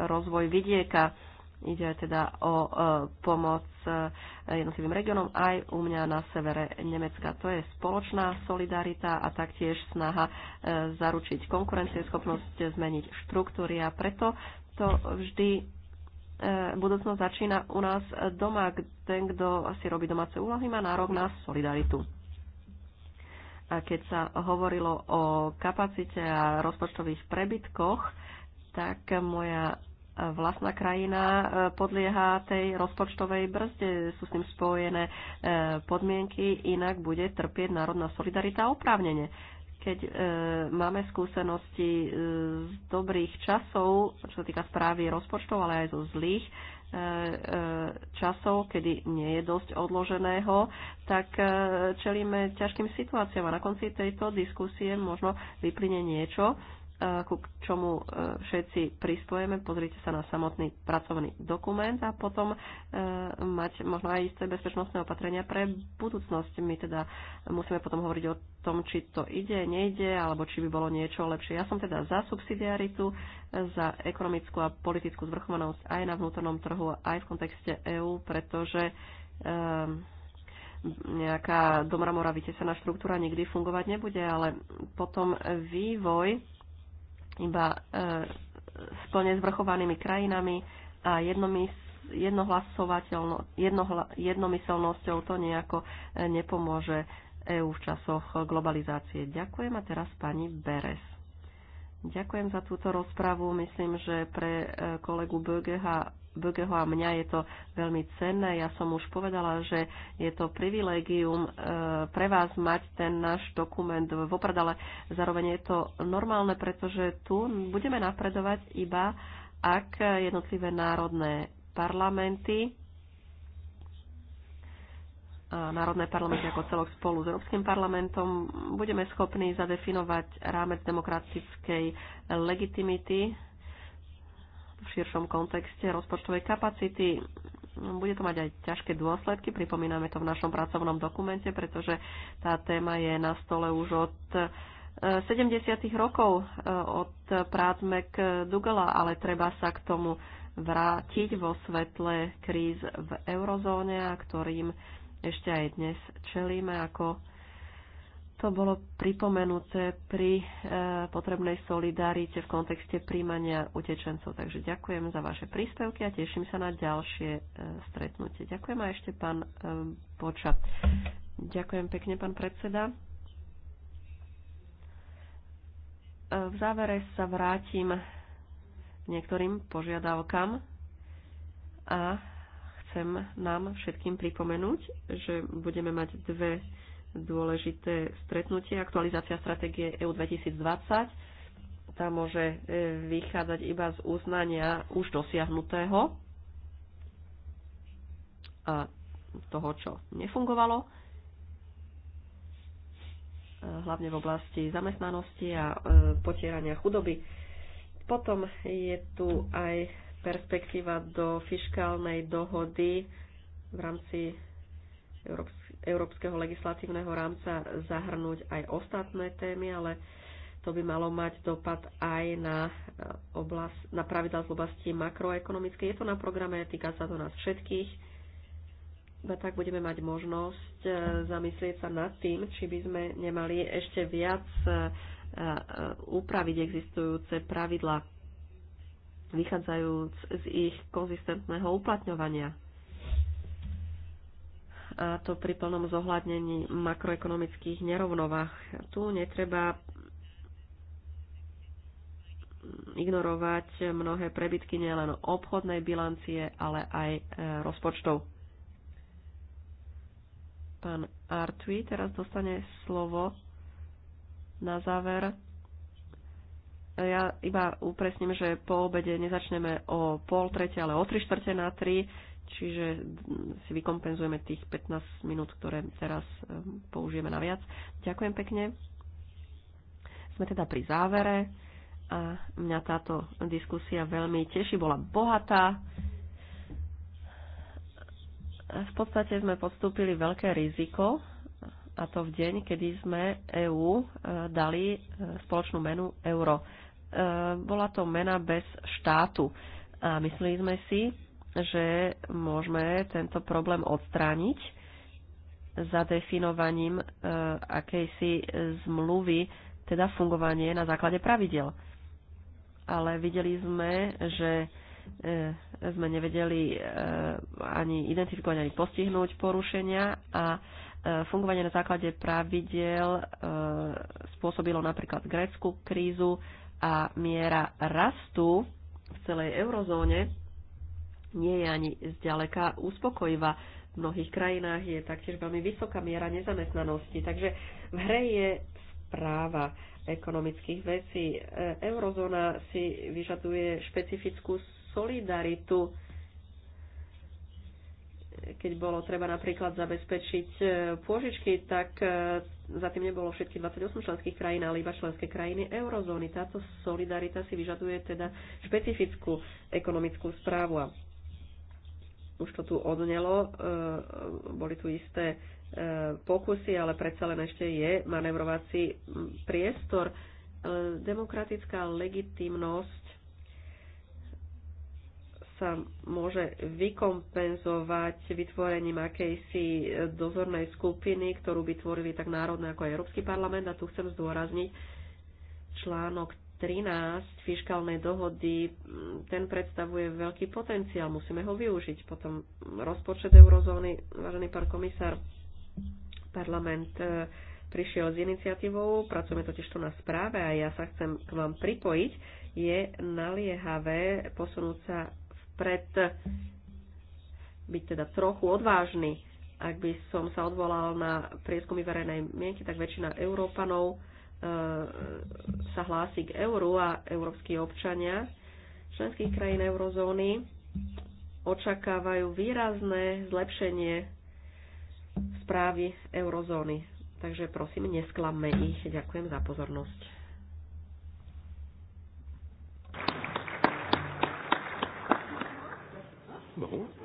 rozvoj vidieka. Ide teda o pomoc Eh, jednotlivým regiónom aj u mňa na severe Nemecka. To je spoločná solidarita a taktiež snaha eh, zaručiť konkurencieschopnosť, zmeniť štruktúry a preto to vždy eh, budúcnosť začína u nás doma. Ten, kto si robí domáce úlohy, má nárok na solidaritu. A keď sa hovorilo o kapacite a rozpočtových prebytkoch, tak moja vlastná krajina e, podlieha tej rozpočtovej brzde, sú s tým spojené e, podmienky, inak bude trpieť národná solidarita a oprávnenie. Keď e, máme skúsenosti z dobrých časov, čo sa týka správy rozpočtov, ale aj zo zlých časov, kedy nie je dosť odloženého, tak čelíme ťažkým situáciám a na konci tejto diskusie možno vyplyne niečo, ku čomu e, všetci pristujeme. Pozrite sa na samotný pracovný dokument a potom e, mať možno aj isté bezpečnostné opatrenia pre budúcnosť. My teda musíme potom hovoriť o tom, či to ide, nejde, alebo či by bolo niečo lepšie. Ja som teda za subsidiaritu, za ekonomickú a politickú zvrchovanosť aj na vnútornom trhu, aj v kontexte EÚ, pretože e, nejaká domramora vytesená štruktúra nikdy fungovať nebude, ale potom vývoj iba e, splne zvrchovanými krajinami a jednohla, jednomyselnosťou to nejako e, nepomôže EÚ v časoch globalizácie. Ďakujem a teraz pani Beres. Ďakujem za túto rozpravu. Myslím, že pre e, kolegu Bögeha Bögeho a mňa je to veľmi cenné. Ja som už povedala, že je to privilégium e, pre vás mať ten náš dokument vopred, ale zároveň je to normálne, pretože tu budeme napredovať iba, ak jednotlivé národné parlamenty národné parlamenty ako celok spolu s Európskym parlamentom budeme schopní zadefinovať rámec demokratickej legitimity v širšom kontexte rozpočtovej kapacity. Bude to mať aj ťažké dôsledky, pripomíname to v našom pracovnom dokumente, pretože tá téma je na stole už od 70. Eh, rokov, eh, od prác Mac Dugala, ale treba sa k tomu vrátiť vo svetle kríz v eurozóne, a ktorým ešte aj dnes čelíme ako to bolo pripomenuté pri e, potrebnej solidarite v kontexte príjmania utečencov. Takže ďakujem za vaše príspevky a teším sa na ďalšie e, stretnutie. Ďakujem a ešte pán Boča. E, ďakujem pekne, pán predseda. V závere sa vrátim k niektorým požiadavkám a chcem nám všetkým pripomenúť, že budeme mať dve dôležité stretnutie, aktualizácia stratégie EU 2020. Tá môže e, vychádzať iba z uznania už dosiahnutého a toho, čo nefungovalo, e, hlavne v oblasti zamestnanosti a e, potierania chudoby. Potom je tu aj perspektíva do fiskálnej dohody v rámci Európskej európskeho legislatívneho rámca zahrnúť aj ostatné témy, ale to by malo mať dopad aj na, e, oblast, na pravidla z oblasti makroekonomické. Je to na programe, týka sa to nás všetkých. A tak budeme mať možnosť e, zamyslieť sa nad tým, či by sme nemali ešte viac e, upraviť existujúce pravidla, vychádzajúc z ich konzistentného uplatňovania a to pri plnom zohľadnení makroekonomických nerovnovách. Tu netreba ignorovať mnohé prebytky nielen obchodnej bilancie, ale aj e, rozpočtov. Pán Artwi teraz dostane slovo na záver. Ja iba upresním, že po obede nezačneme o pol trete, ale o tri štvrte na tri čiže si vykompenzujeme tých 15 minút, ktoré teraz e, použijeme na viac. Ďakujem pekne. Sme teda pri závere a mňa táto diskusia veľmi teší, bola bohatá. V podstate sme podstúpili veľké riziko, a to v deň, kedy sme EÚ e, dali e, spoločnú menu euro. Bola to mena bez štátu. A mysleli sme si, že môžeme tento problém odstrániť zadefinovaním e, akejsi zmluvy, teda fungovanie na základe pravidel. Ale videli sme, že e, sme nevedeli e, ani identifikovať, ani postihnúť porušenia a fungovanie na základe pravidel spôsobilo napríklad grécku krízu a miera rastu v celej eurozóne nie je ani zďaleka uspokojivá. V mnohých krajinách je taktiež veľmi vysoká miera nezamestnanosti. Takže v hre je správa ekonomických vecí. E, eurozóna si vyžaduje špecifickú solidaritu keď bolo treba napríklad zabezpečiť e, pôžičky, tak e, za tým nebolo všetky 28 členských krajín, ale iba členské krajiny eurozóny. Táto solidarita si vyžaduje teda špecifickú ekonomickú správu. A už to tu odnelo, e, boli tu isté e, pokusy, ale predsa len ešte je manevrovací priestor. E, demokratická legitimnosť sa môže vykompenzovať vytvorením akejsi dozornej skupiny, ktorú by tvorili tak národné ako Európsky parlament. A tu chcem zdôrazniť článok 13 fiskálnej dohody, mm, ten predstavuje veľký potenciál, musíme ho využiť. Potom rozpočet eurozóny, vážený pán komisár, parlament e, prišiel s iniciatívou, pracujeme totiž tu na správe a ja sa chcem k vám pripojiť, je naliehavé posunúť sa vpred, byť teda trochu odvážny. Ak by som sa odvolal na prieskumy verejnej mienky, tak väčšina Európanov E, sa hlási k euru a európsky občania členských krajín eurozóny očakávajú výrazné zlepšenie správy eurozóny. Takže prosím, nesklamme ich. Ďakujem za pozornosť. Bon.